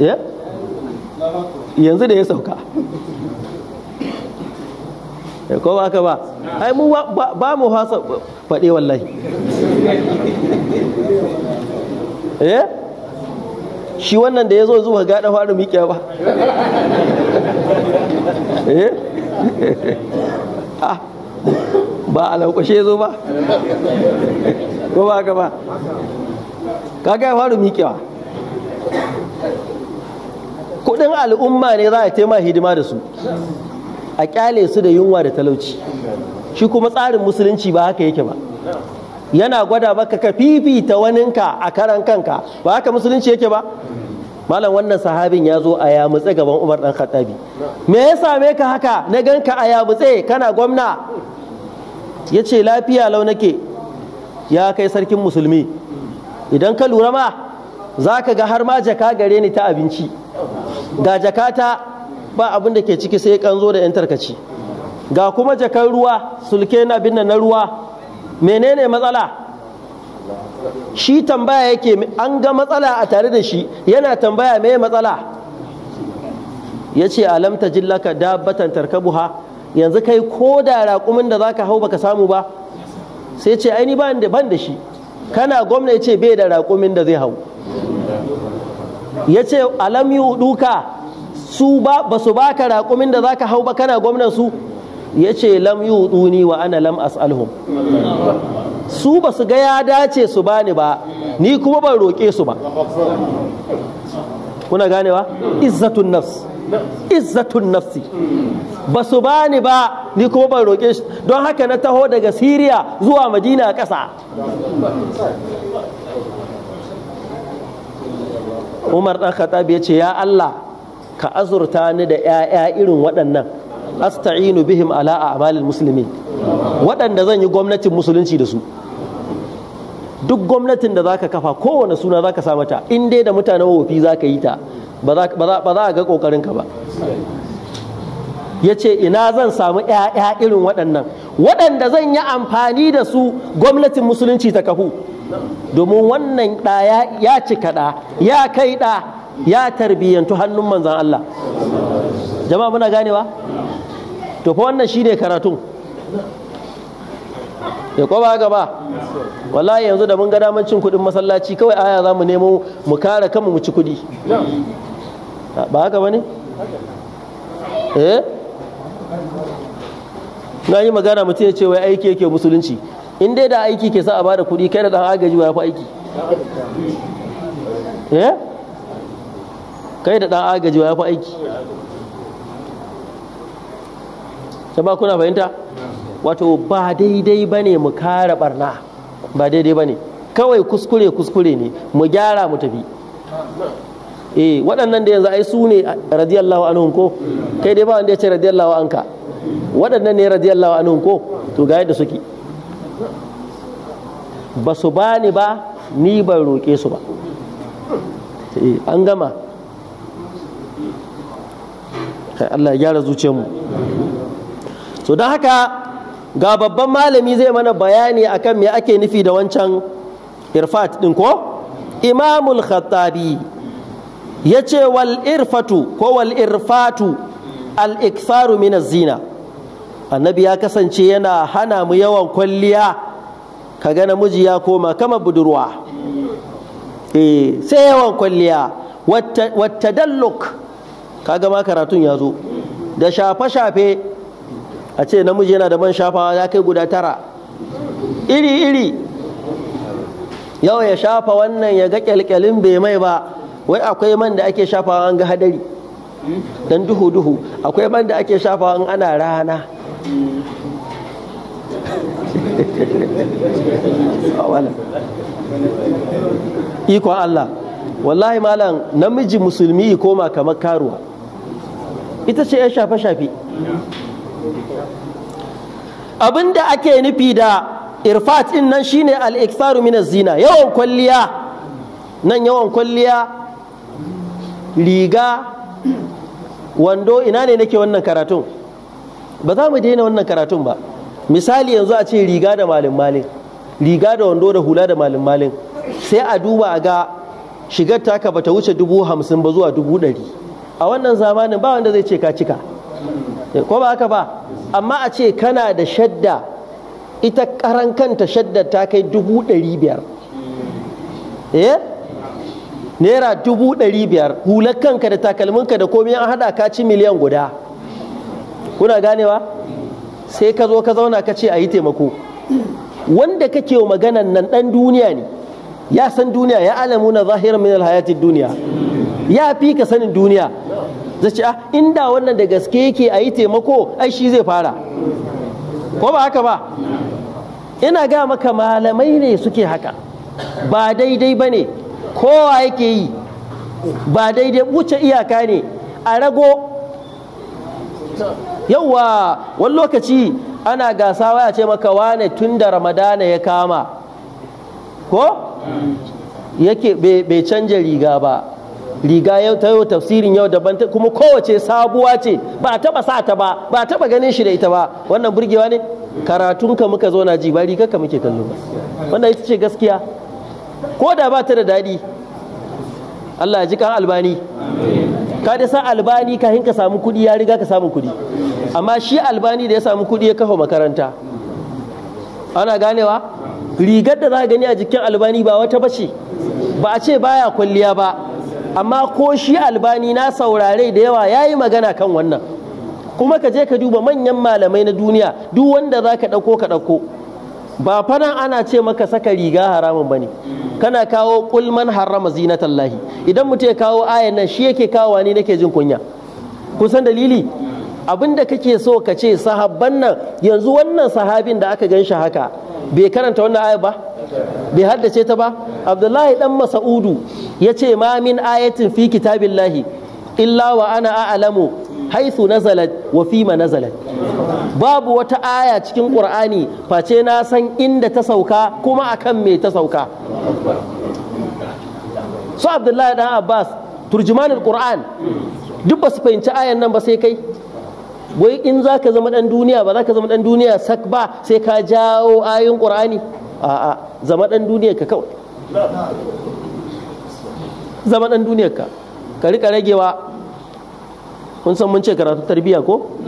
eh yanzu da ya sauka eh, ko ba ka ba ai mu ba mu hasa faɗe wallahi eh shi wannan da ya zo zuwa gaɗa fara miƙe ba eh ah, ba a laukashe zo ba ko ba ka ba ka ya fara miƙewa kudin al'umma ne za a taima hidima da su a kyale su da yunwa da talauci shi kuma tsarin musulunci ba haka yake ba yana gwada maka ka fifita waninka a karan kanka ba haka musulunci yake ba malam wannan sahabin ya zo a yamutse gaban umar dan khattabi me ya same ka haka na ganka a yamutse kana gwamna ya ce lafiya lau nake ya kai sarkin musulmi idan ka lura ma za ka ga har ma jaka gare ni ta abinci ga jakata ba abin da ke ciki sai kanzo da 'yan tarkaci ga kuma jakar ruwa sulke na binna na ruwa menene matsala shi tambaya yake an ga matsala a tare da shi yana tambaya mai matsala ya ce alam ta jillaka dabbatan buha? yanzu kai ko da raƙumin da zaka hau baka samu ba sai ce ai ni ban da shi kana gwamna ya ce bai da raƙumin da zai hau ya ce alam yi duka su ba su baka raƙumin da zaka hau ba kana gwamnan su ya ce lam yi ni wa ana lam as'alhum su ba su ga ya dace su bani ba ni kuma ban roƙe su ba kuna ganewa izzatun nafs izzatun nafsi ba su bani ba ni kuma ban roƙe shi don haka na taho daga siriya zuwa madina ƙasa umar ɗan khattab ya ce ya allah ka azurta ni da 'ya'ya irin waɗannan asta'inu bihim ala a amalin musulmi waɗanda zan yi gwamnatin musulunci da su duk gwamnatin da zaka kafa kowane suna zaka sa mata in dai da mutanen wofi zaka yi ta ba za a ga kokarin ka ba yace ina zan samu 'ya'ya irin waɗannan waɗanda zan yi amfani da su gwamnatin musulunci ta kahu domin wannan ɗa ya cika ɗa ya kai ɗa ya tarbiyyantu hannun manzan Allah jama'a muna ganewa to fa wannan shine karatun ya kwaba gaba wallahi yanzu da mun ga daman cin kuɗin masallaci kawai aya za mu nemo mu kare kanmu mu ci kuɗi ba haka ba ne eh na yi magana mutum ya ce wai aiki yake musulunci in dai da aiki ke sa a bada kuɗi kai da ɗan agaji ya fi aiki eh? kai da ɗan agaji ya fi aiki ta ba kuna fahimta wato ba daidai ba ne mu kara barna ba daidai ba ne kawai kuskure kuskure ne mu gyara mu tafi eh waɗannan da yanzu ai su ne radiyallahu anhu ko kai dai ba wanda ya ce radiyallahu anka waɗannan ne radiyallahu anhu ko to ga yadda suke ba su bani ba ni ban roƙe su ba eh, an gama kai Allah ya gyara zuciyarmu to don haka ga babban malami zai mana bayani akan me ake nufi da wancan irfat din ko imamul khattabi ya ce wal irfatu ko wal irfatu al-iktharu min zina annabi ya kasance yana hana mu yawan kwalliya Ka kaga namiji ya koma kama budurwa eh sai yawan kwalliya wata dalluk ga ma karatun ya zo da shafe-shafe a ce namiji yana da man shafawa ya kai guda tara iri-iri yau ya shafa wannan ya ga kyalkyalin bai mai ba wai akwai man da ake shafawa an ga hadari dan duhu-duhu akwai man da ake shafawa an ana rana ikon Allah wallahi malam namiji musulmi koma kamar karuwa ita ce ya shafe-shafe abinda ake nufi da irfat in nan shine al-iktharu min zina yawan kwalliya nan yawan kwalliya riga wando ina ne nake wannan karatun ba za mu daina wannan karatun ba misali yanzu a ce riga da malin malin riga da wando da hula da malin malin sai a duba a ga shigar taka bata wuce dubu hamsin ba zuwa dubu ɗari a wannan zamanin ba wanda zai ce ka cika ko ba haka ba amma a ce kana da shadda ita karan kanta shadda ta kai dubu ɗari biyar eh? naira dubu ɗari biyar hular kanka da takalminka da komai an haɗa ka ci miliyan guda kuna ganewa sai ka zo ka zauna ka ce a yi taimako wanda kake maganan nan ɗan duniya ne ya san duniya ya alamu na zahirar min hayatin duniya ya fi ka sanin duniya zai ce ah inda wannan da gaske yake a yi taimako ai shi zai fara ko ba haka ba ina ga maka malamai ne suke haka ba daidai ba ne kowa yake yi ba daidai wuce iyaka ne a rago yauwa wani lokaci ana gasa waya ce maka wane tun da ramadana ya kama ko yake bai canja riga ba riga yau ta yau tafsirin yau daban kuma kowace sabuwa ce ba a taba sa ta ba ba a taba ganin shi da ita ba wannan burgewa ne karatunka muka zo na ji ba riga ka muke kallo ba wannan ita ce gaskiya ko da ba ta da daɗi Allah ya ji kan albani ka da sa albani ka ka samu kuɗi ya riga ka samu kuɗi amma shi albani da ya samu kuɗi ya kafa makaranta ana ganewa rigar da za a gani a jikin albani ba wata bace ba a ce baya kwalliya ba amma ko shi albani na saurare da yawa ya yi magana kan wannan kuma ka je ka duba manyan malamai na duniya duk wanda za ka ɗauko ka ɗauko ba fadan ana ce maka saka riga haramun bane kana kawo kulman harrama zinatallahi idan mutum ya kawo ayan nan shi yake kawo wani nake jin kunya kusan dalili abinda kake so ka ce sahabban nan yanzu wannan sahabin da aka gan haka bai karanta wannan aya ba bai haddace ta ba abdullahi dan masa'udu ya ce ma min ayatin fi kitabillahi illa wa ana a'lamu haithu nazalat wa fima nazalat babu wata aya cikin qur'ani face na san inda ta sauka kuma akan me ta sauka so abdullahi dan abbas turjuman alquran duk ba su fahimci ayan nan ba sai kai wai in za ka zama dan duniya ba za ka zama dan duniya sak ba sai ka jawo ayin qur'ani a'a zama dan duniya ka kawai zama dan duniyar ka ka rika ragewa kun san mun ce karatu tarbiyya ko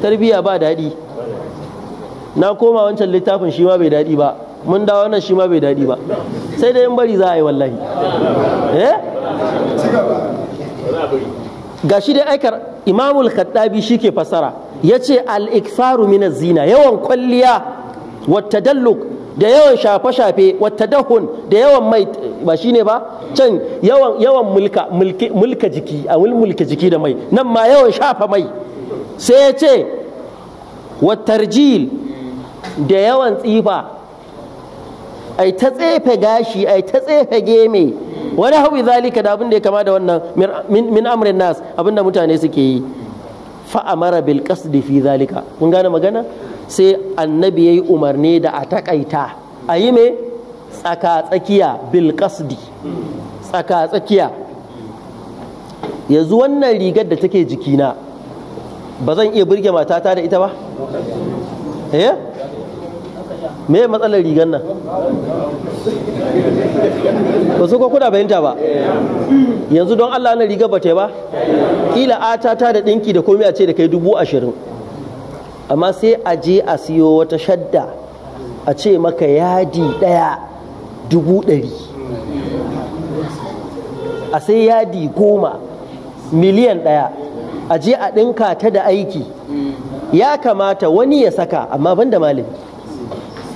tarbiyya ba daɗi na koma wancan littafin shi ma bai daɗi ba mun dawo nan shi ma bai daɗi ba sai da in bari za a yi wallahi eh shi dai aikar imamul khattabi shi ke fasara ya ce al-iksaru min zina yawan kwalliya dalluk, da yawan shafe-shafe wattadahun da yawan mai ba shi ne ba can yawan yawan mulka mulka jiki a mulka jiki da mai nan ma yawan shafa mai sai ya ce wattarjil da yawan tsifa ai ta tsefe gashi ai ta tsefe geme wani hawi zalika da abin da ya kama da wannan min amrin nas abin da mutane suke yi fa'amara bil qasdi fi zalika kun gane magana sai annabi ya yi umarni da a takaita a yi me tsaka-tsakiya bilkasdi tsaka-tsakiya yanzu wannan rigar da take jikina ba zan iya burge matata da ita ba? eh? me matsalar rigar nan? ba su kuna bayanta ba yanzu don allah na rigar ba ta ba? kila a ta da dinki da komi a ce da kai dubu ashirin amma sai a je a siyo wata shadda a ce maka yadi ɗaya dubu ɗari a sai yadi goma miliyan ɗaya a je a ɗinka ta da aiki ya kamata wani ya saka amma banda malami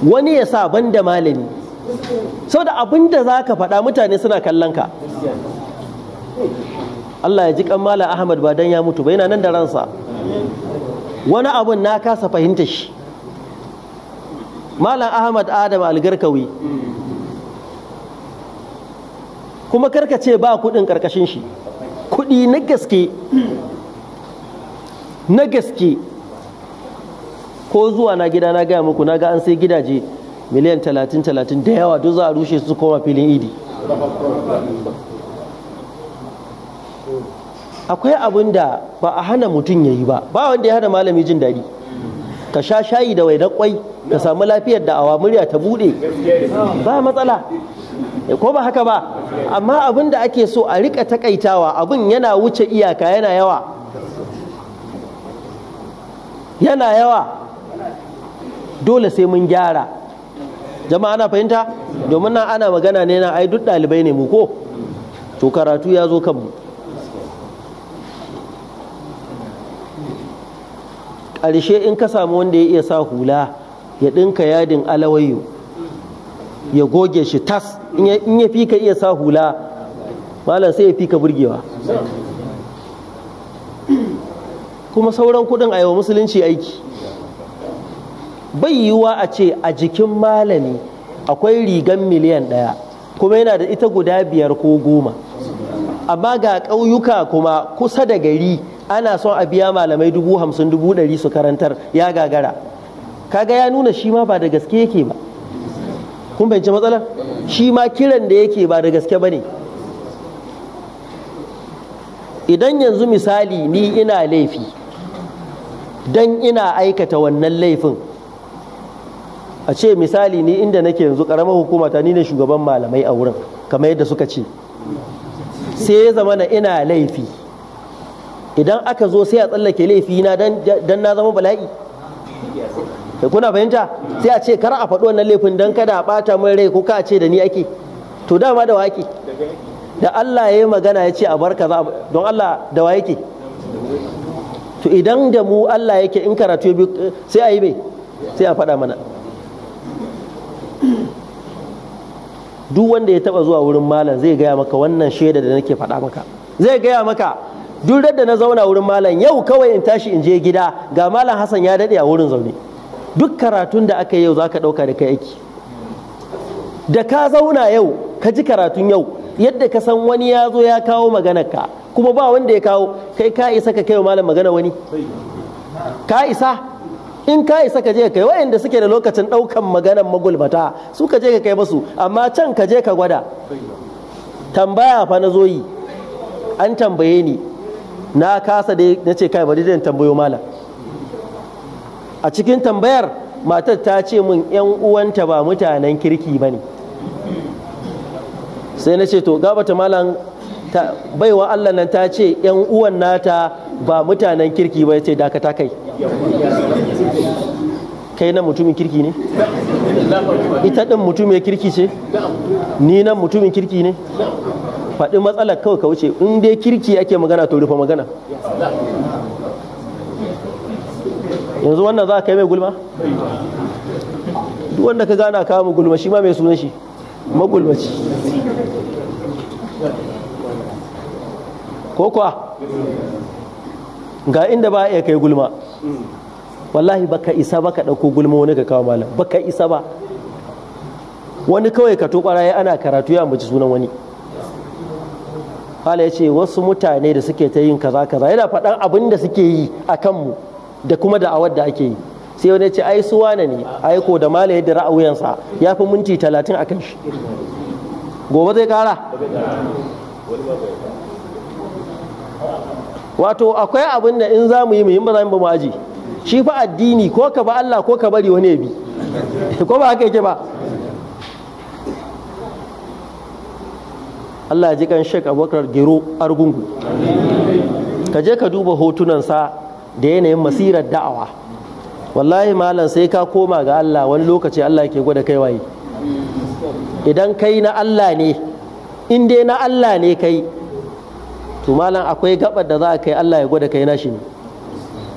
wani ya sa banda malami sau da abin da za ka faɗa mutane suna kallon ka Allah ya ji kan Malam Ahmad ba dan ya mutu ba yana nan da ransa wani abun na kasa fahimta shi malam ahmad adam algarkawi kuma karka ce ba kudin karkashin shi kudi na gaske na gaske ko zuwa na gida na gaya muku na ga an sai gidaje miliyan talatin talatin da yawa duk za a rushe su koma filin idi akwai abin da ba a hana mutum ya yi ba ba wanda ya hana malami jin daɗi ka sha shayi da waidan kwai ka samu lafiyar da awa murya ta buɗe ba matsala ko ba haka ba amma abin da ake so a rika takaitawa abin yana wuce iyaka yana yawa yana yawa dole sai mun gyara jama'a ana fahimta domin nan ana magana ne na ai duk ɗalibai ne mu ko to karatu ya zo kanmu ƙarshe in ka samu wanda ya iya sa hula ya ɗinka yadin alawayo ya goge shi tas in ya fi ka iya sa hula malam sai ya fi ka burgewa kuma sauran kuɗin a yawa musulunci aiki bai yiwuwa a ce a jikin malami akwai rigan miliyan ɗaya kuma yana da ita guda biyar ko goma amma ga ƙauyuka kuma kusa da gari ana son a biya malamai dubu hamsin dubu ɗari su karantar ya gagara kaga ya nuna shi ma ba da gaske yake ba kun fahimci matsalar shi ma kiran da yake ba da gaske ba ne idan yanzu misali ni ina laifi dan ina aikata wannan laifin a ce misali ni inda nake yanzu karamar hukuma ta nina shugaban malamai a wurin kamar yadda suka ce sai ya zama na ina laifi idan aka zo sai a tsallake laifi na dan na zama bala'i da eh, kuna fahimta sai a ce kar a faɗi wannan laifin don kada a ɓata mai rai ko ka ce da ni ake to dama da wa ake da Allah ya yi magana ya ce a bar za, don Allah da wa yake to idan da mu Allah yake in karatu ya sai a yi mai sai a faɗa mana duk wanda ya taɓa zuwa wurin malam zai gaya maka wannan shaida da nake faɗa maka zai gaya maka duk da na zauna wurin malam yau kawai in tashi in je gida ga malam Hassan ya daɗe a wurin zaune duk karatun da aka yi yau zaka ɗauka da kai aiki da ka zauna yau ka ji karatun yau yadda ka san wani ya zo ya kawo maganar ka kuma ba wanda ya kawo kai ka isa ka kai wa malam magana wani ka isa in ka isa ka je kai wayanda suke da lokacin ɗaukan maganar magulmata su ka je ka kai musu amma can ka je ka gwada tambaya fa na zo yi an tambaye ni na kasa da ya ce kai bari zan tambayo malam a cikin tambayar matar ta ce min yan uwanta ba mutanen kirki ba ne sai na ce to gabata malam baiwa allah nan ta ce yan uwan nata ba mutanen kirki ba ya ce dakata kai kai nan mutumin kirki ne ita ɗin mutumin kirki ce ni nan mutumin kirki ne faɗi matsalar kawai ka wuce in dai kirki ake magana to rufe magana yanzu wannan za ka yi mai gulma duk wanda ka gana kawo magulma gulma shi ma mai sunan shi magulmaci ko kuwa ga inda ba iya kai gulma wallahi baka isa ba ka ɗauko gulma wani ka kawo malam baka isa ba wani kawai ka to ya ana karatu ya ambaci sunan wani kala ya ce wasu mutane da suke ta yin kaza kaza yana faɗan abin da suke yi a kanmu da kuma da'awar da ake yi sai wani ce ai su wane ne ai ko da mala yadda sa ya fi minti talatin a kan shi gobe zai kara wato akwai abin da in za mu yi muhimmin za mu ba aji shi fa addini ko ka ba Allah ko ka bari wani ya bi ko ba haka yake ba Allah ya ji kan Sheikh Abubakar Gero Argungu ka je ka duba hotunansa da yanayin masirar da'awa wallahi malam sai ka koma ga Allah wani lokaci Allah ke gwada kai waye idan kai na Allah ne in dai na Allah ne kai to malam akwai gabar da za a kai Allah ya gwada kai na shi ne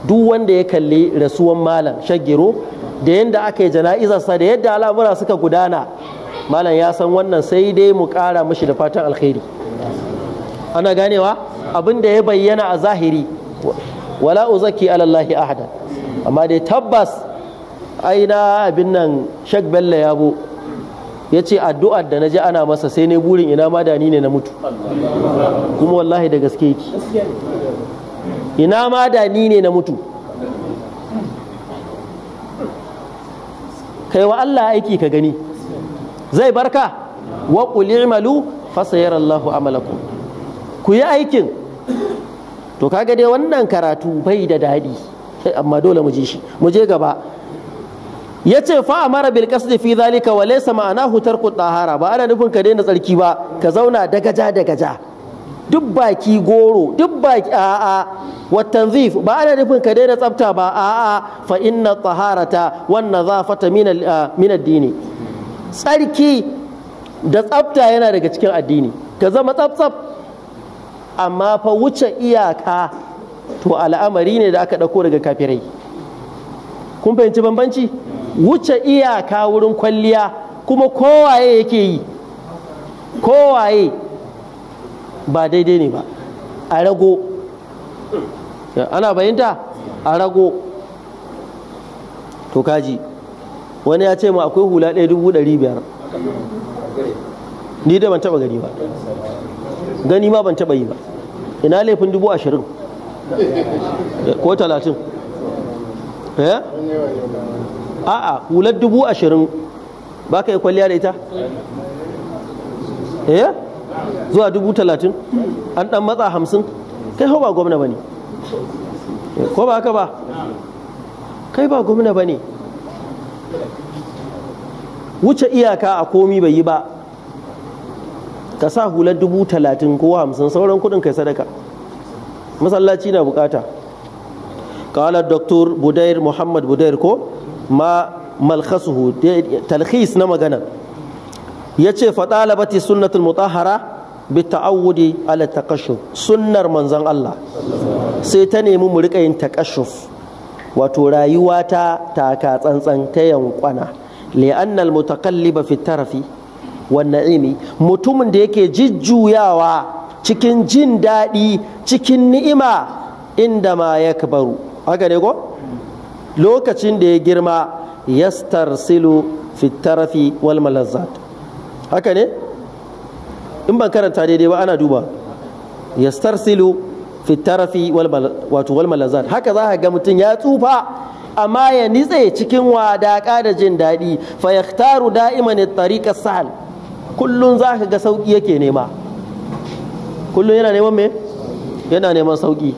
duk wanda ya kalli rasuwan malam shagiro da yadda aka yi jana'izarsa da yadda al'amura suka gudana malam ya san wannan sai dai mu ƙara mishi da fatan alkhairi ana ganewa abin da ya bayyana a zahiri wala uzaki alallahi ahada amma dai tabbas aina abin nan shak bello yabo ya ce addu'ar da na ji ana masa sai ne burin ina ma da ni ne na mutu kuma wallahi da gaske yake ina ma da ni ne na mutu kai wa Allah aiki ka gani zai barka wa ƙuli'imalu fasayar fasayarallahu amalakum ku yi aikin to kaga dai wannan karatu bai da daɗi amma dole mu je shi mu je gaba yace fa mara bil qasd fi zalika wa laysa ma'anahu tarku tahara ba ana nufin ka daina tsarki ba ka zauna dagaja dagaja duk baki goro duk baki a'a wa tanzif ba ana nufin ka daina tsafta ba a'a fa inna taharata wannan nazafata min ah, min ad-dini tsarki da tsafta yana daga cikin addini ka zama tsaf amma fa wuce iyaka to al'amari ne da aka ɗauko daga kafirai kun fahimci bambanci wuce iyaka wurin kwalliya kuma kowaye yake yi kowaye ba daidai ne ba a rago ana bayanta a rago to kaji wani ya ce ma akwai hula ɗaya dubu ɗari biyar ni da ban taɓa gani ba gani ma ban taɓa yi ba ina laifin dubu ashirin ko talatin eh? a'a hular dubu ashirin ba ka yi kwalliya da ita eh zuwa dubu talatin an ɗan matsa hamsin kai ba gwamna ba ne ko ba haka ba kai ba gwamna ba ne wuce iyaka a komi bai yi ba ka sa hular dubu talatin ko hamsin sauran kudin kai sadaka masallaci na bukata kawala doktor budair muhammad budair ko ma malkhasuhu talhis na magana ya ce fatalabati sunnatul mutahara bi ta'awudi ala takashuf sunnar manzon Allah sai ta nemi mu rika yin takashuf wato rayuwa ta taka tsantsan ta yankwana li'anna al-mutakalliba fi tarafi wan na'imi mutumin da yake jijjuyawa cikin jin daɗi cikin ni'ima inda ma ya kabaru haka ne ko lokacin da ya girma yastarsilu fi tarafi wal malazzat haka ne in ban karanta daidai ba ana duba yastarsilu fitarafi wal malazan haka za ka ga mutum ya tsufa amma ya nitse cikin wadaka da jin daɗi fa da'ima da'iman tariqa sahal Kullum za ka ga sauƙi yake nema Kullum yana neman me yana neman sauƙi.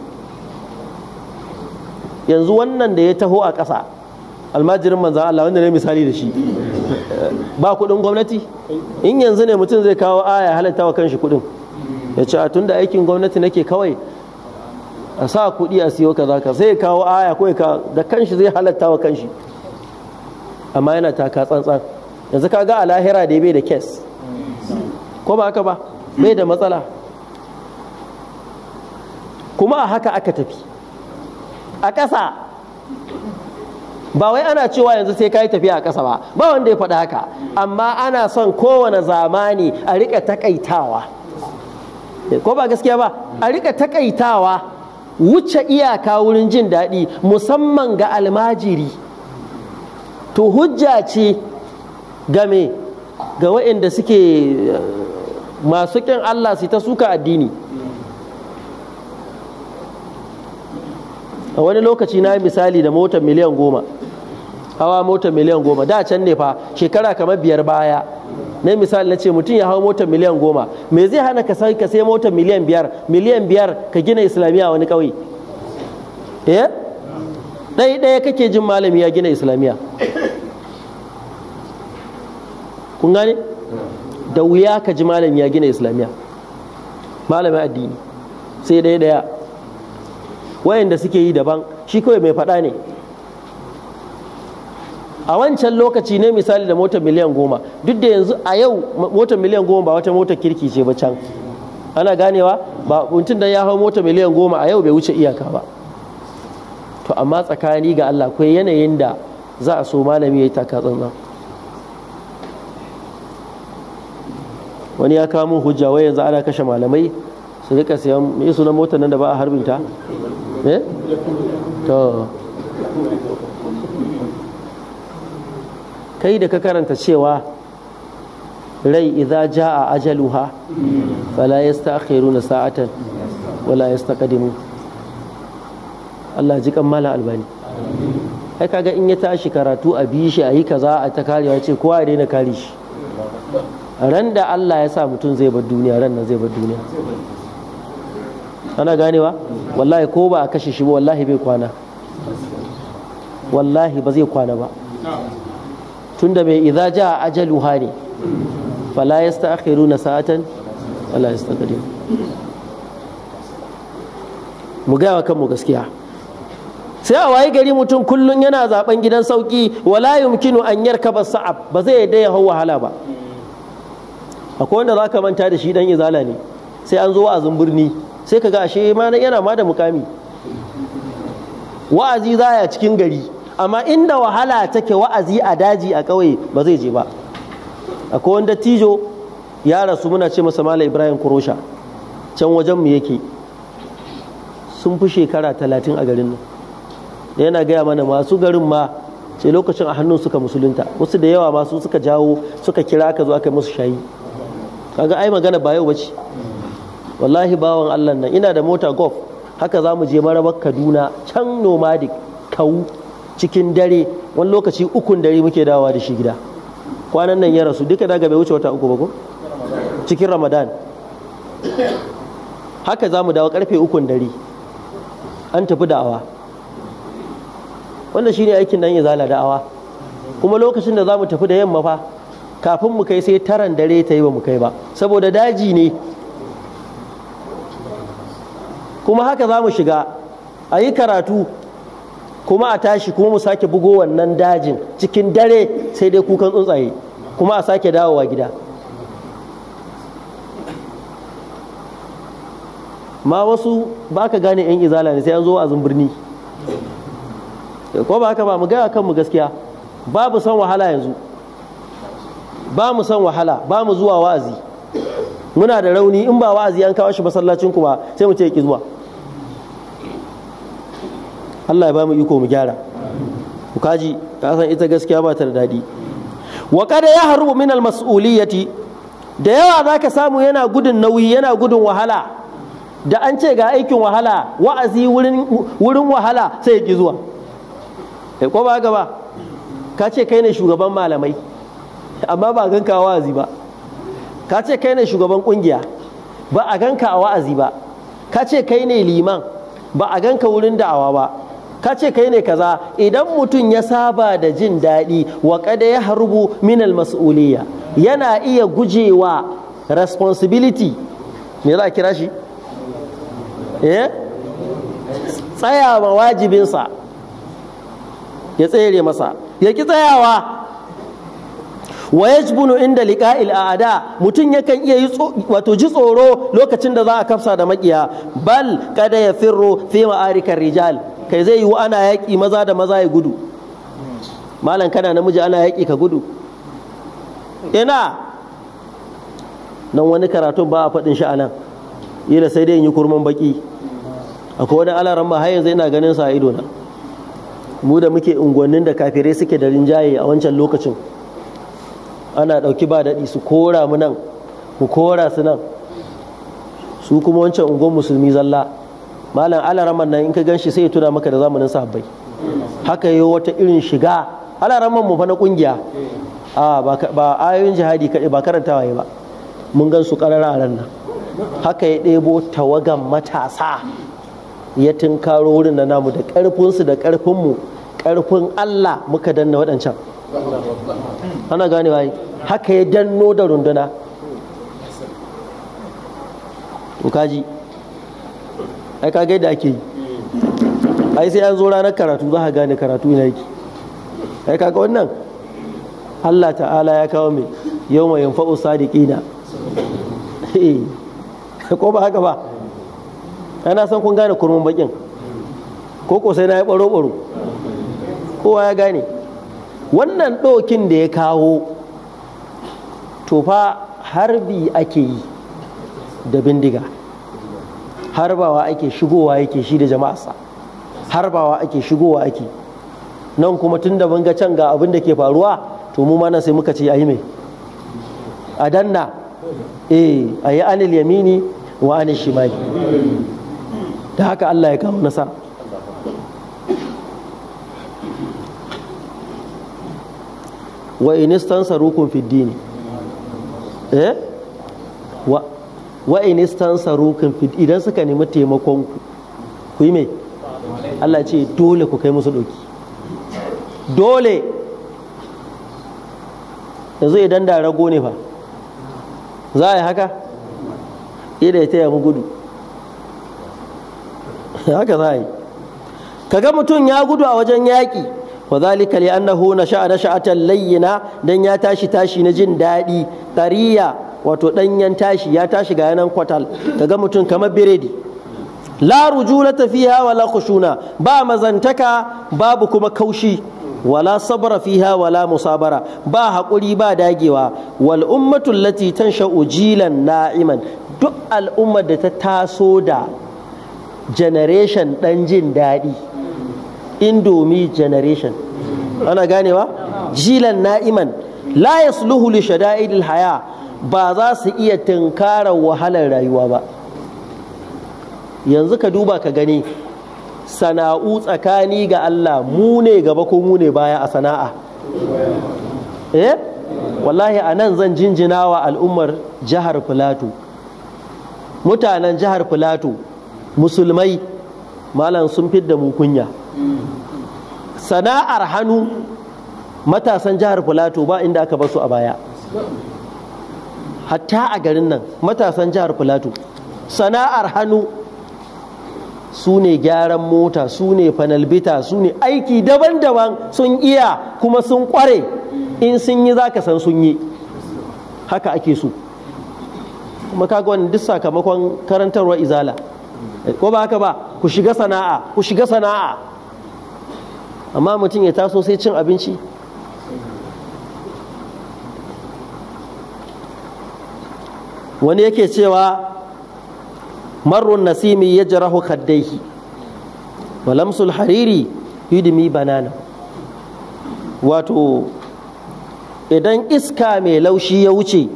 yanzu wannan da ya taho a ƙasa almajirin manzan Allah wanda ne misali da shi ba kuɗin gwamnati in yanzu ne mutum zai kawo aya halatta wa kanshi kuɗin ya ce a tun da aikin gwamnati nake kawai a sa kuɗi a siyo kaza ka sai kawo aya ko ka da kanshi zai halatta wa kanshi amma yana taka tsantsan yanzu ka ga a lahira da bai da kes ko ba haka ba bai da matsala kuma a haka aka tafi a ƙasa ba wai ana cewa yanzu sai ka yi tafiya a ƙasa ba ba wanda ya faɗa haka amma ana son kowane zamani a riƙa takaitawa ko ba gaskiya ba a riƙa takaitawa wuce iyaka wurin jin daɗi musamman ga almajiri to hujja ce game ga waɗanda suke eh, masu ƙin Allah su ta suka addini a wani lokaci na misali da motar miliyan goma hawa motar miliyan goma da can ne fa shekara kamar biyar baya na misali na ce mutum ya hau motar miliyan goma me zai hana ka sai ka sai motar miliyan biyar miliyan biyar ka gina islamiyya wani ƙauye eh ɗaya ɗaya kake jin malami ya gina islamiyya kun gane da wuya ka ji malami ya gina islamiyya malamin addini sai ɗaya ɗaya wayanda suke yi daban shi kawai mai faɗa ne a wancan lokaci ne misali da motar miliyan goma duk da yanzu a yau motar miliyan goma ba wata motar kirki ce ba can ana ganewa ba mutum da ya hau motar miliyan goma a yau bai wuce iyaka ba to amma tsakani ga Allah akwai yanayin da za a so malami ya yi taka tsantsan wani ya kawo min hujja wai yanzu ana kashe malamai su rika sayan me sunan motar nan da ba a harbinta eh to kai da ka karanta cewa rai idza jaa ajaluha fala yastakhiruna sa'atan wala yastaqdimu Allah ji kammala albani ai kaga in ya tashi karatu a bi shi a yi kaza a ta ya ce kowa ya daina kare shi ran da Allah ya sa mutum zai bar duniya ran nan zai bar duniya ana ganewa wallahi ko ba a kashe shi ba wallahi bai kwana wallahi ba zai kwana ba tunda mai idza ajal wuha ne fala yasta'khiruna sa'atan wala yastaqdim mu ga wa kanmu gaskiya sai a waye gari mutum kullum yana zaben gidan sauki wala yumkinu an ba sa'ab ba zai yadda ya hau wahala ba akwai wanda zaka manta da shi dan izala ne sai an zo wa'azin birni sai kaga ashe ma yana ma da mukami wa'azi zaya cikin gari amma inda wahala take wa'azi a daji a ƙauye ba zai je ba akwai wanda tijo ya rasu muna ce masa mala ibrahim kurosha can wajen mu yake sun fi shekara talatin a garin nan yana gaya mana masu garin ma ce lokacin a hannun suka musulunta wasu da yawa masu suka jawo suka kira aka zo aka musu shayi kaga ai magana ba yau ba ce wallahi bawan Allah nan ina da mota golf haka za mu je marabar Kaduna can nomadic kawu cikin dare wani lokaci ukun dare muke dawowa da shi gida kwanan nan ya rasu duka daga bai wuce wata uku ba ko cikin ramadan haka za mu dawo karfe ukun dare an tafi da'awa wanda shine aikin nan ya zala da'awa kuma lokacin da za mu tafi da yamma fa kafin mu kai sai taran dare ta yi ba mu kai ba saboda daji ne kuma haka za mu shiga a yi karatu kuma a tashi kuma mu sake bugo wannan dajin cikin dare sai dai kukan tsuntsaye kuma a sake dawowa gida ma wasu ba ka gane 'yan izala ne sai an zo a birni ko ba haka ba mu gaya kanmu gaskiya babu san wahala yanzu ba mu san wahala ba mu zuwa wa'azi muna da rauni in ba wa'azi an kawo shi masallacin ku ba sai mu ce ki zuwa Allah ya ba mu iko mu gyara ku kaji ka san ita gaskiya ba ta da daɗi wa kada ya harubu min al mas'uliyati da yawa zaka samu yana gudun nauyi yana gudun wahala da an ce ga aikin wahala wa'azi wurin wurin wahala sai ya ki zuwa eh ko ba gaba ka ce kai ne shugaban malamai amma ba ganka a wa'azi ba ka ce kai ne shugaban kungiya ba a ganka a wa'azi ba ka ce kai ne liman ba a ganka wurin da'awa ba ka ce kai ne kaza idan mutum ya saba da jin daɗi wa kada ya harbu minal mas'uliyya yana iya gujewa responsibility me za a kira shi eh tsayawa wajibinsa ya tsere masa ya ki tsayawa wa yajbunu inda liqa'il a'ada mutum yakan iya yi wato ji tsoro lokacin da za a kafsa da makiya bal kada ya firro fi ma'arikar rijal kai zai yi wa ana yaƙi maza da maza ya gudu malam kana namiji ana yaƙi ka gudu ina nan wani karatun ba a faɗin shi a nan da sai dai in yi kurman baki akwai wani alaran ma har yanzu ina ganin sa a ido na mu da muke unguwannin da kafirai suke da rinjaye a wancan lokacin ana ɗauki ba daɗi su kora mu nan mu kora su nan su kuma wancan unguwan musulmi zalla malam alaraman nan in ka ganshi sai ya tuna maka da zamanin sahabbai haka yi wata irin shiga alaraman mu fa na kungiya a ba ayoyin jihadi kaɗai ba karantawa ba mun gan su ƙarara a nan haka ya ɗebo tawagan matasa ya tunkaro wurin na namu da ƙarfinsu da ƙarfinmu ƙarfin Allah muka danna waɗancan ana gane waye haka ya danno da runduna to kaji ai ka gaida ake yi ai sai an zo ranar karatu za a gane karatu na yake ai kaga wannan Allah ta'ala ya kawo mai yau mai yanfa'u sadiqina eh. ko ba haka ba ana san kun gane kurmin bakin ko ko sai na yi baro baro kowa ya gane wannan ɗokin da ya kawo to fa harbi ake yi da bindiga harbawa ake shigowa yake shi da jama'arsa harbawa ake shigowa ake nan kuma tun da mun ga can ga abin da ke faruwa to mu ma nan sai muka ce ayi mai a danna eh ayi anil yamini wa anil shimali da haka Allah ya kawo nasa wa in istansarukum fid dini eh wa wa in rukun idan suka nemi taimakon ku ku yi mai Allah ce dole ku kai musu doki dole yanzu idan da rago ne fa za a yi haka idan ya taya mu gudu haka za a yi kaga mutum ya gudu a wajen yaƙi wa zalika li annahu nasha'a nasha'atan layyina dan ya tashi tashi na jin daɗi tariya wato ɗanyen tashi ya tashi ga yanan kwatal ga mutum kamar biredi la rujulata fiha wala kushuna ba mazantaka babu kuma kaushi wala sabra fiha wala musabara ba haƙuri ba dagewa wal ummatu allati tansha'u jilan na'iman duk al'ummar da ta taso da generation ɗan jin daɗi indomi generation ana ganewa jilan na'iman la yasluhu li shada'idil haya ba za su iya tunkara wahalar rayuwa ba yanzu ka duba ka gani sana'u tsakani ga Allah mu ne gaba ko mu ne baya a sana'a eh wallahi a nan zan jinjina wa al'ummar jihar filato mutanen jihar filato musulmai malam sun fidda mu kunya sana'ar hannu matasan jihar filato ba inda aka basu a baya hatta a garin nan matasan jihar Filato sana'ar hannu su ne gyaran mota su ne fanalbita su ne aiki daban-daban sun iya kuma sun kware in sun yi zaka san sun yi haka ake so kuma kaga wani duk sakamakon karantarwa izala ko ba haka ba ku shiga sana'a ku shiga sana'a amma mutum ya taso sai cin abinci wani yake cewa marun nasimi ya jira kaddaihi wa lamsul hariri hidimi banana wato idan iska mai laushi ya wuce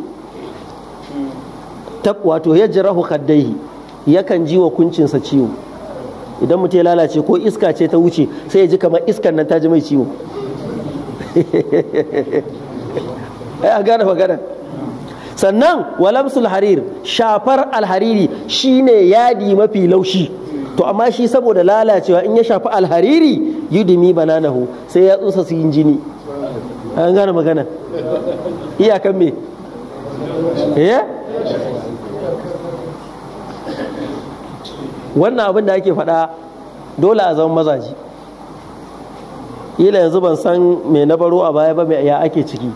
wato ya jirahu kaddaihi yakan ji wa kuncinsa ciwo idan mutu ya lalace ko iska ce ta wuce sai ya ji kamar iskan nan ta ji mai ciwo a gane sannan walamsul harir shafar alhariri shine yadi mafi laushi to amma shi saboda lalacewa in ya shafi alhariri yudumi bananahu sai ya tsusa su yin jini an gane magana iyakan me eh wannan abin da ake faɗa dole a zama mazaji ila yanzu ban san me na baro a baya ba mai ya ake ciki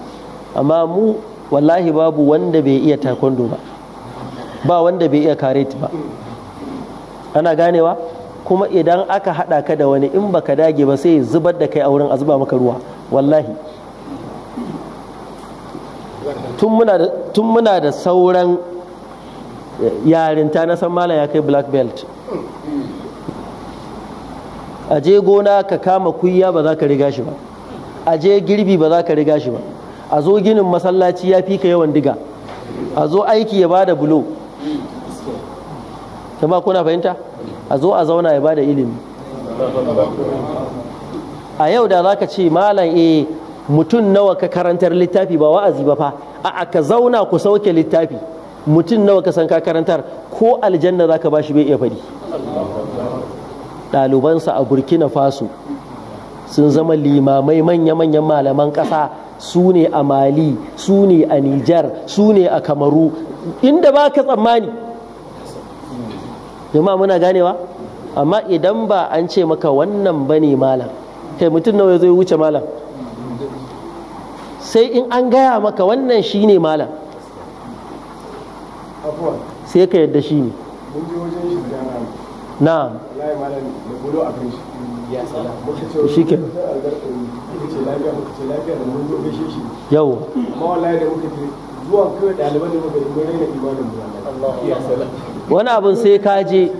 amma mu wallahi babu wanda bai iya taekwondo ba ba wanda bai iya karate ba ana ganewa kuma idan aka haɗa ka da wani in baka dage ba sai zubar da kai a wurin a zuba maka ruwa wallahi tun muna da sauran yarinta na san malam ya kai black belt aje gona ka kama kuyya ba za ka riga shi ba aje girbi ba za ka riga shi ba a zo ginin masallaci ya fi ka yawan diga a zo aiki ya bada bulo kuna fahimta a zo a zauna ya bada ilimi a yau da zaka ce malam eh mutum nawa ka karantar littafi ba wa'azi ba fa a'a ka zauna ku sauke littafi mutum nawa ka san ka karantar ko aljanna zaka bashi bai iya fadi ɗalibansa a burkina faso sun zama limamai manya-manyan malaman ƙasa su ne a mali su ne a nijar su ne a kamaru inda ba ka tsammani jama'a muna ganewa amma idan ba an ce maka wannan ba ne malam kai mutum nawa zai wuce malam sai in an gaya maka wannan shi ne malam sai ka yadda shi ne na shi ke ce lafiya muka ce lafiya da mun zo gaishe shi yau amma wallahi da muka ce zuwa kai da muka imanin mu wani abin sai ka je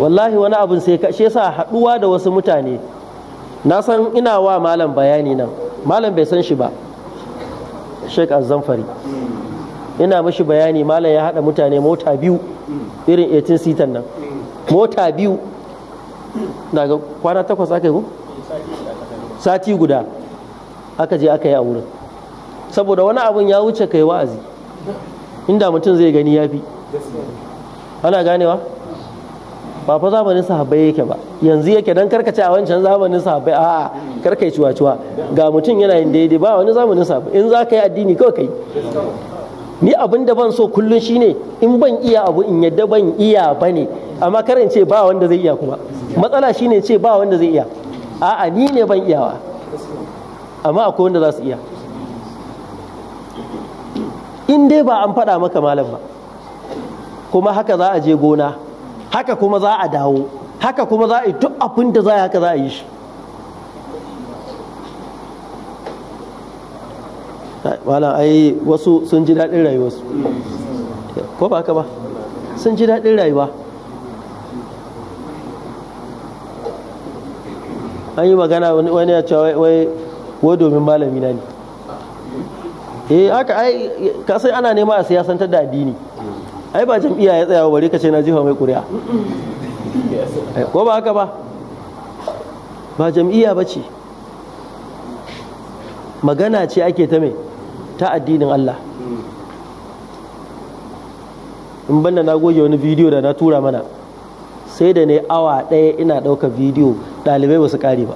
wallahi wani abin sai ka shi yasa haɗuwa da wasu mutane na san ina wa malam bayani nan malam bai san shi ba Sheikh azamfari ina mashi bayani malam ya haɗa mutane mota biyu irin 18 sitan nan mota biyu daga kwana takwas aka yi sati guda aka je aka yi a wurin saboda wani abun ya wuce kai wa'azi inda mutum zai gani ya fi ana ganewa ba fa zamanin sahabbai yake ba yanzu yake dan karkace a wancan zamanin sahabbai a'a karkai cuwa-cuwa ga mutum yana yin daidai ba wani zamanin sahabbai in za ka yi addini kawai ka yi ni abin da ban so kullum shine in ban iya abu in yadda ban iya ba ne amma kar in ce ba wanda zai iya kuma matsala shine ce ba wanda zai iya a'a ni ne ban iyawa amma akwai wanda za su iya in dai ba an faɗa maka malam ba kuma haka za a je gona haka kuma za a dawo haka kuma za a yi duk abin da za a haka za a yi shi malam ai wasu sun ji daɗin rayuwarsu ko ba haka ba sun ji daɗin rayuwa an yi magana wani ya ce wai wai domin malami na ne eh haka ai ka sai ana nema a siyasantar da addini ai ba jam'iyya ya tsaya bare ka ce na jifa mai kuri'a ko ba haka ba ba jam'iyya ba ce magana ce ake ta mai ta addinin Allah in banda na goge wani bidiyo da na tura mana sai da ne awa ɗaya ina ɗauka bidiyo ɗalibai ba su ƙari ba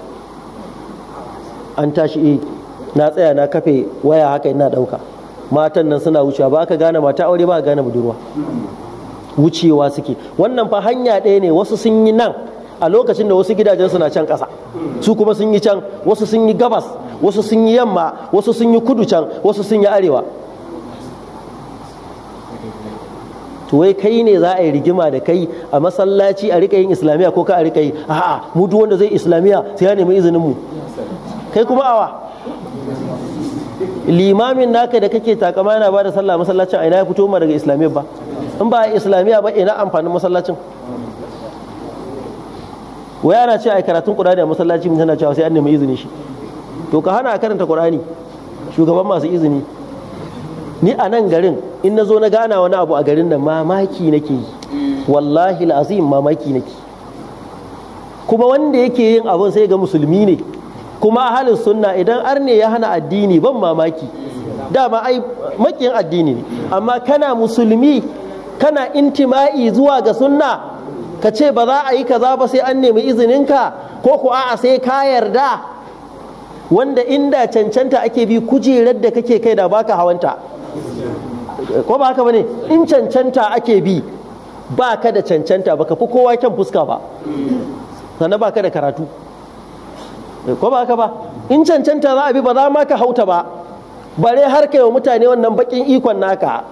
an tashi eh, na tsaya na kafe waya haka ina ɗauka matan nan suna wucewa ba aka gane mata aure ba a gane budurwa wucewa suke wannan fa hanya ɗaya ne wasu sun yi nan a lokacin da wasu gidajen suna can ƙasa su kuma sun yi can wasu sun yi gabas wasu sun yi yamma wasu sun yi kudu can wasu sun yi arewa to wai kai ne za a yi rigima da kai a masallaci a rika yin islamiyya ko ka a rika yi a'a mu duk wanda zai islamiyya sai ya nemi izinin mu kai kuma awa limamin naka da kake takama yana ba da sallah masallacin a ina ya fito ma daga islamiyya ba in ba islamiyya ba ina amfanin masallacin wai ana ce a karatun qur'ani a masallaci mun tana cewa sai an nemi izini shi to ka hana karanta qur'ani shugaban masu izini ni a nan garin in na zo na gana wani abu a garin nan mamaki nake yi wallahi la'azim mamaki nake kuma wanda yake yin abun sai ga musulmi ne kuma a halin sunna idan arne ya hana addini ban mamaki dama ai makin addini ne amma kana musulmi kana intima'i zuwa ga sunna ka ce ba za a yi kaza ba sai an nemi izininka ko ku a'a sai ka yarda wanda inda cancanta ake bi kujerar da kake kai da baka hawanta ko ba haka bane in cancanta ake bi ba ka da cancanta baka fi kowa kyan fuska ba sannan ba ka da karatu ko ba haka ba in cancanta za a bi ba za ma ka hauta ba bare har yi wa mutane wannan bakin ikon naka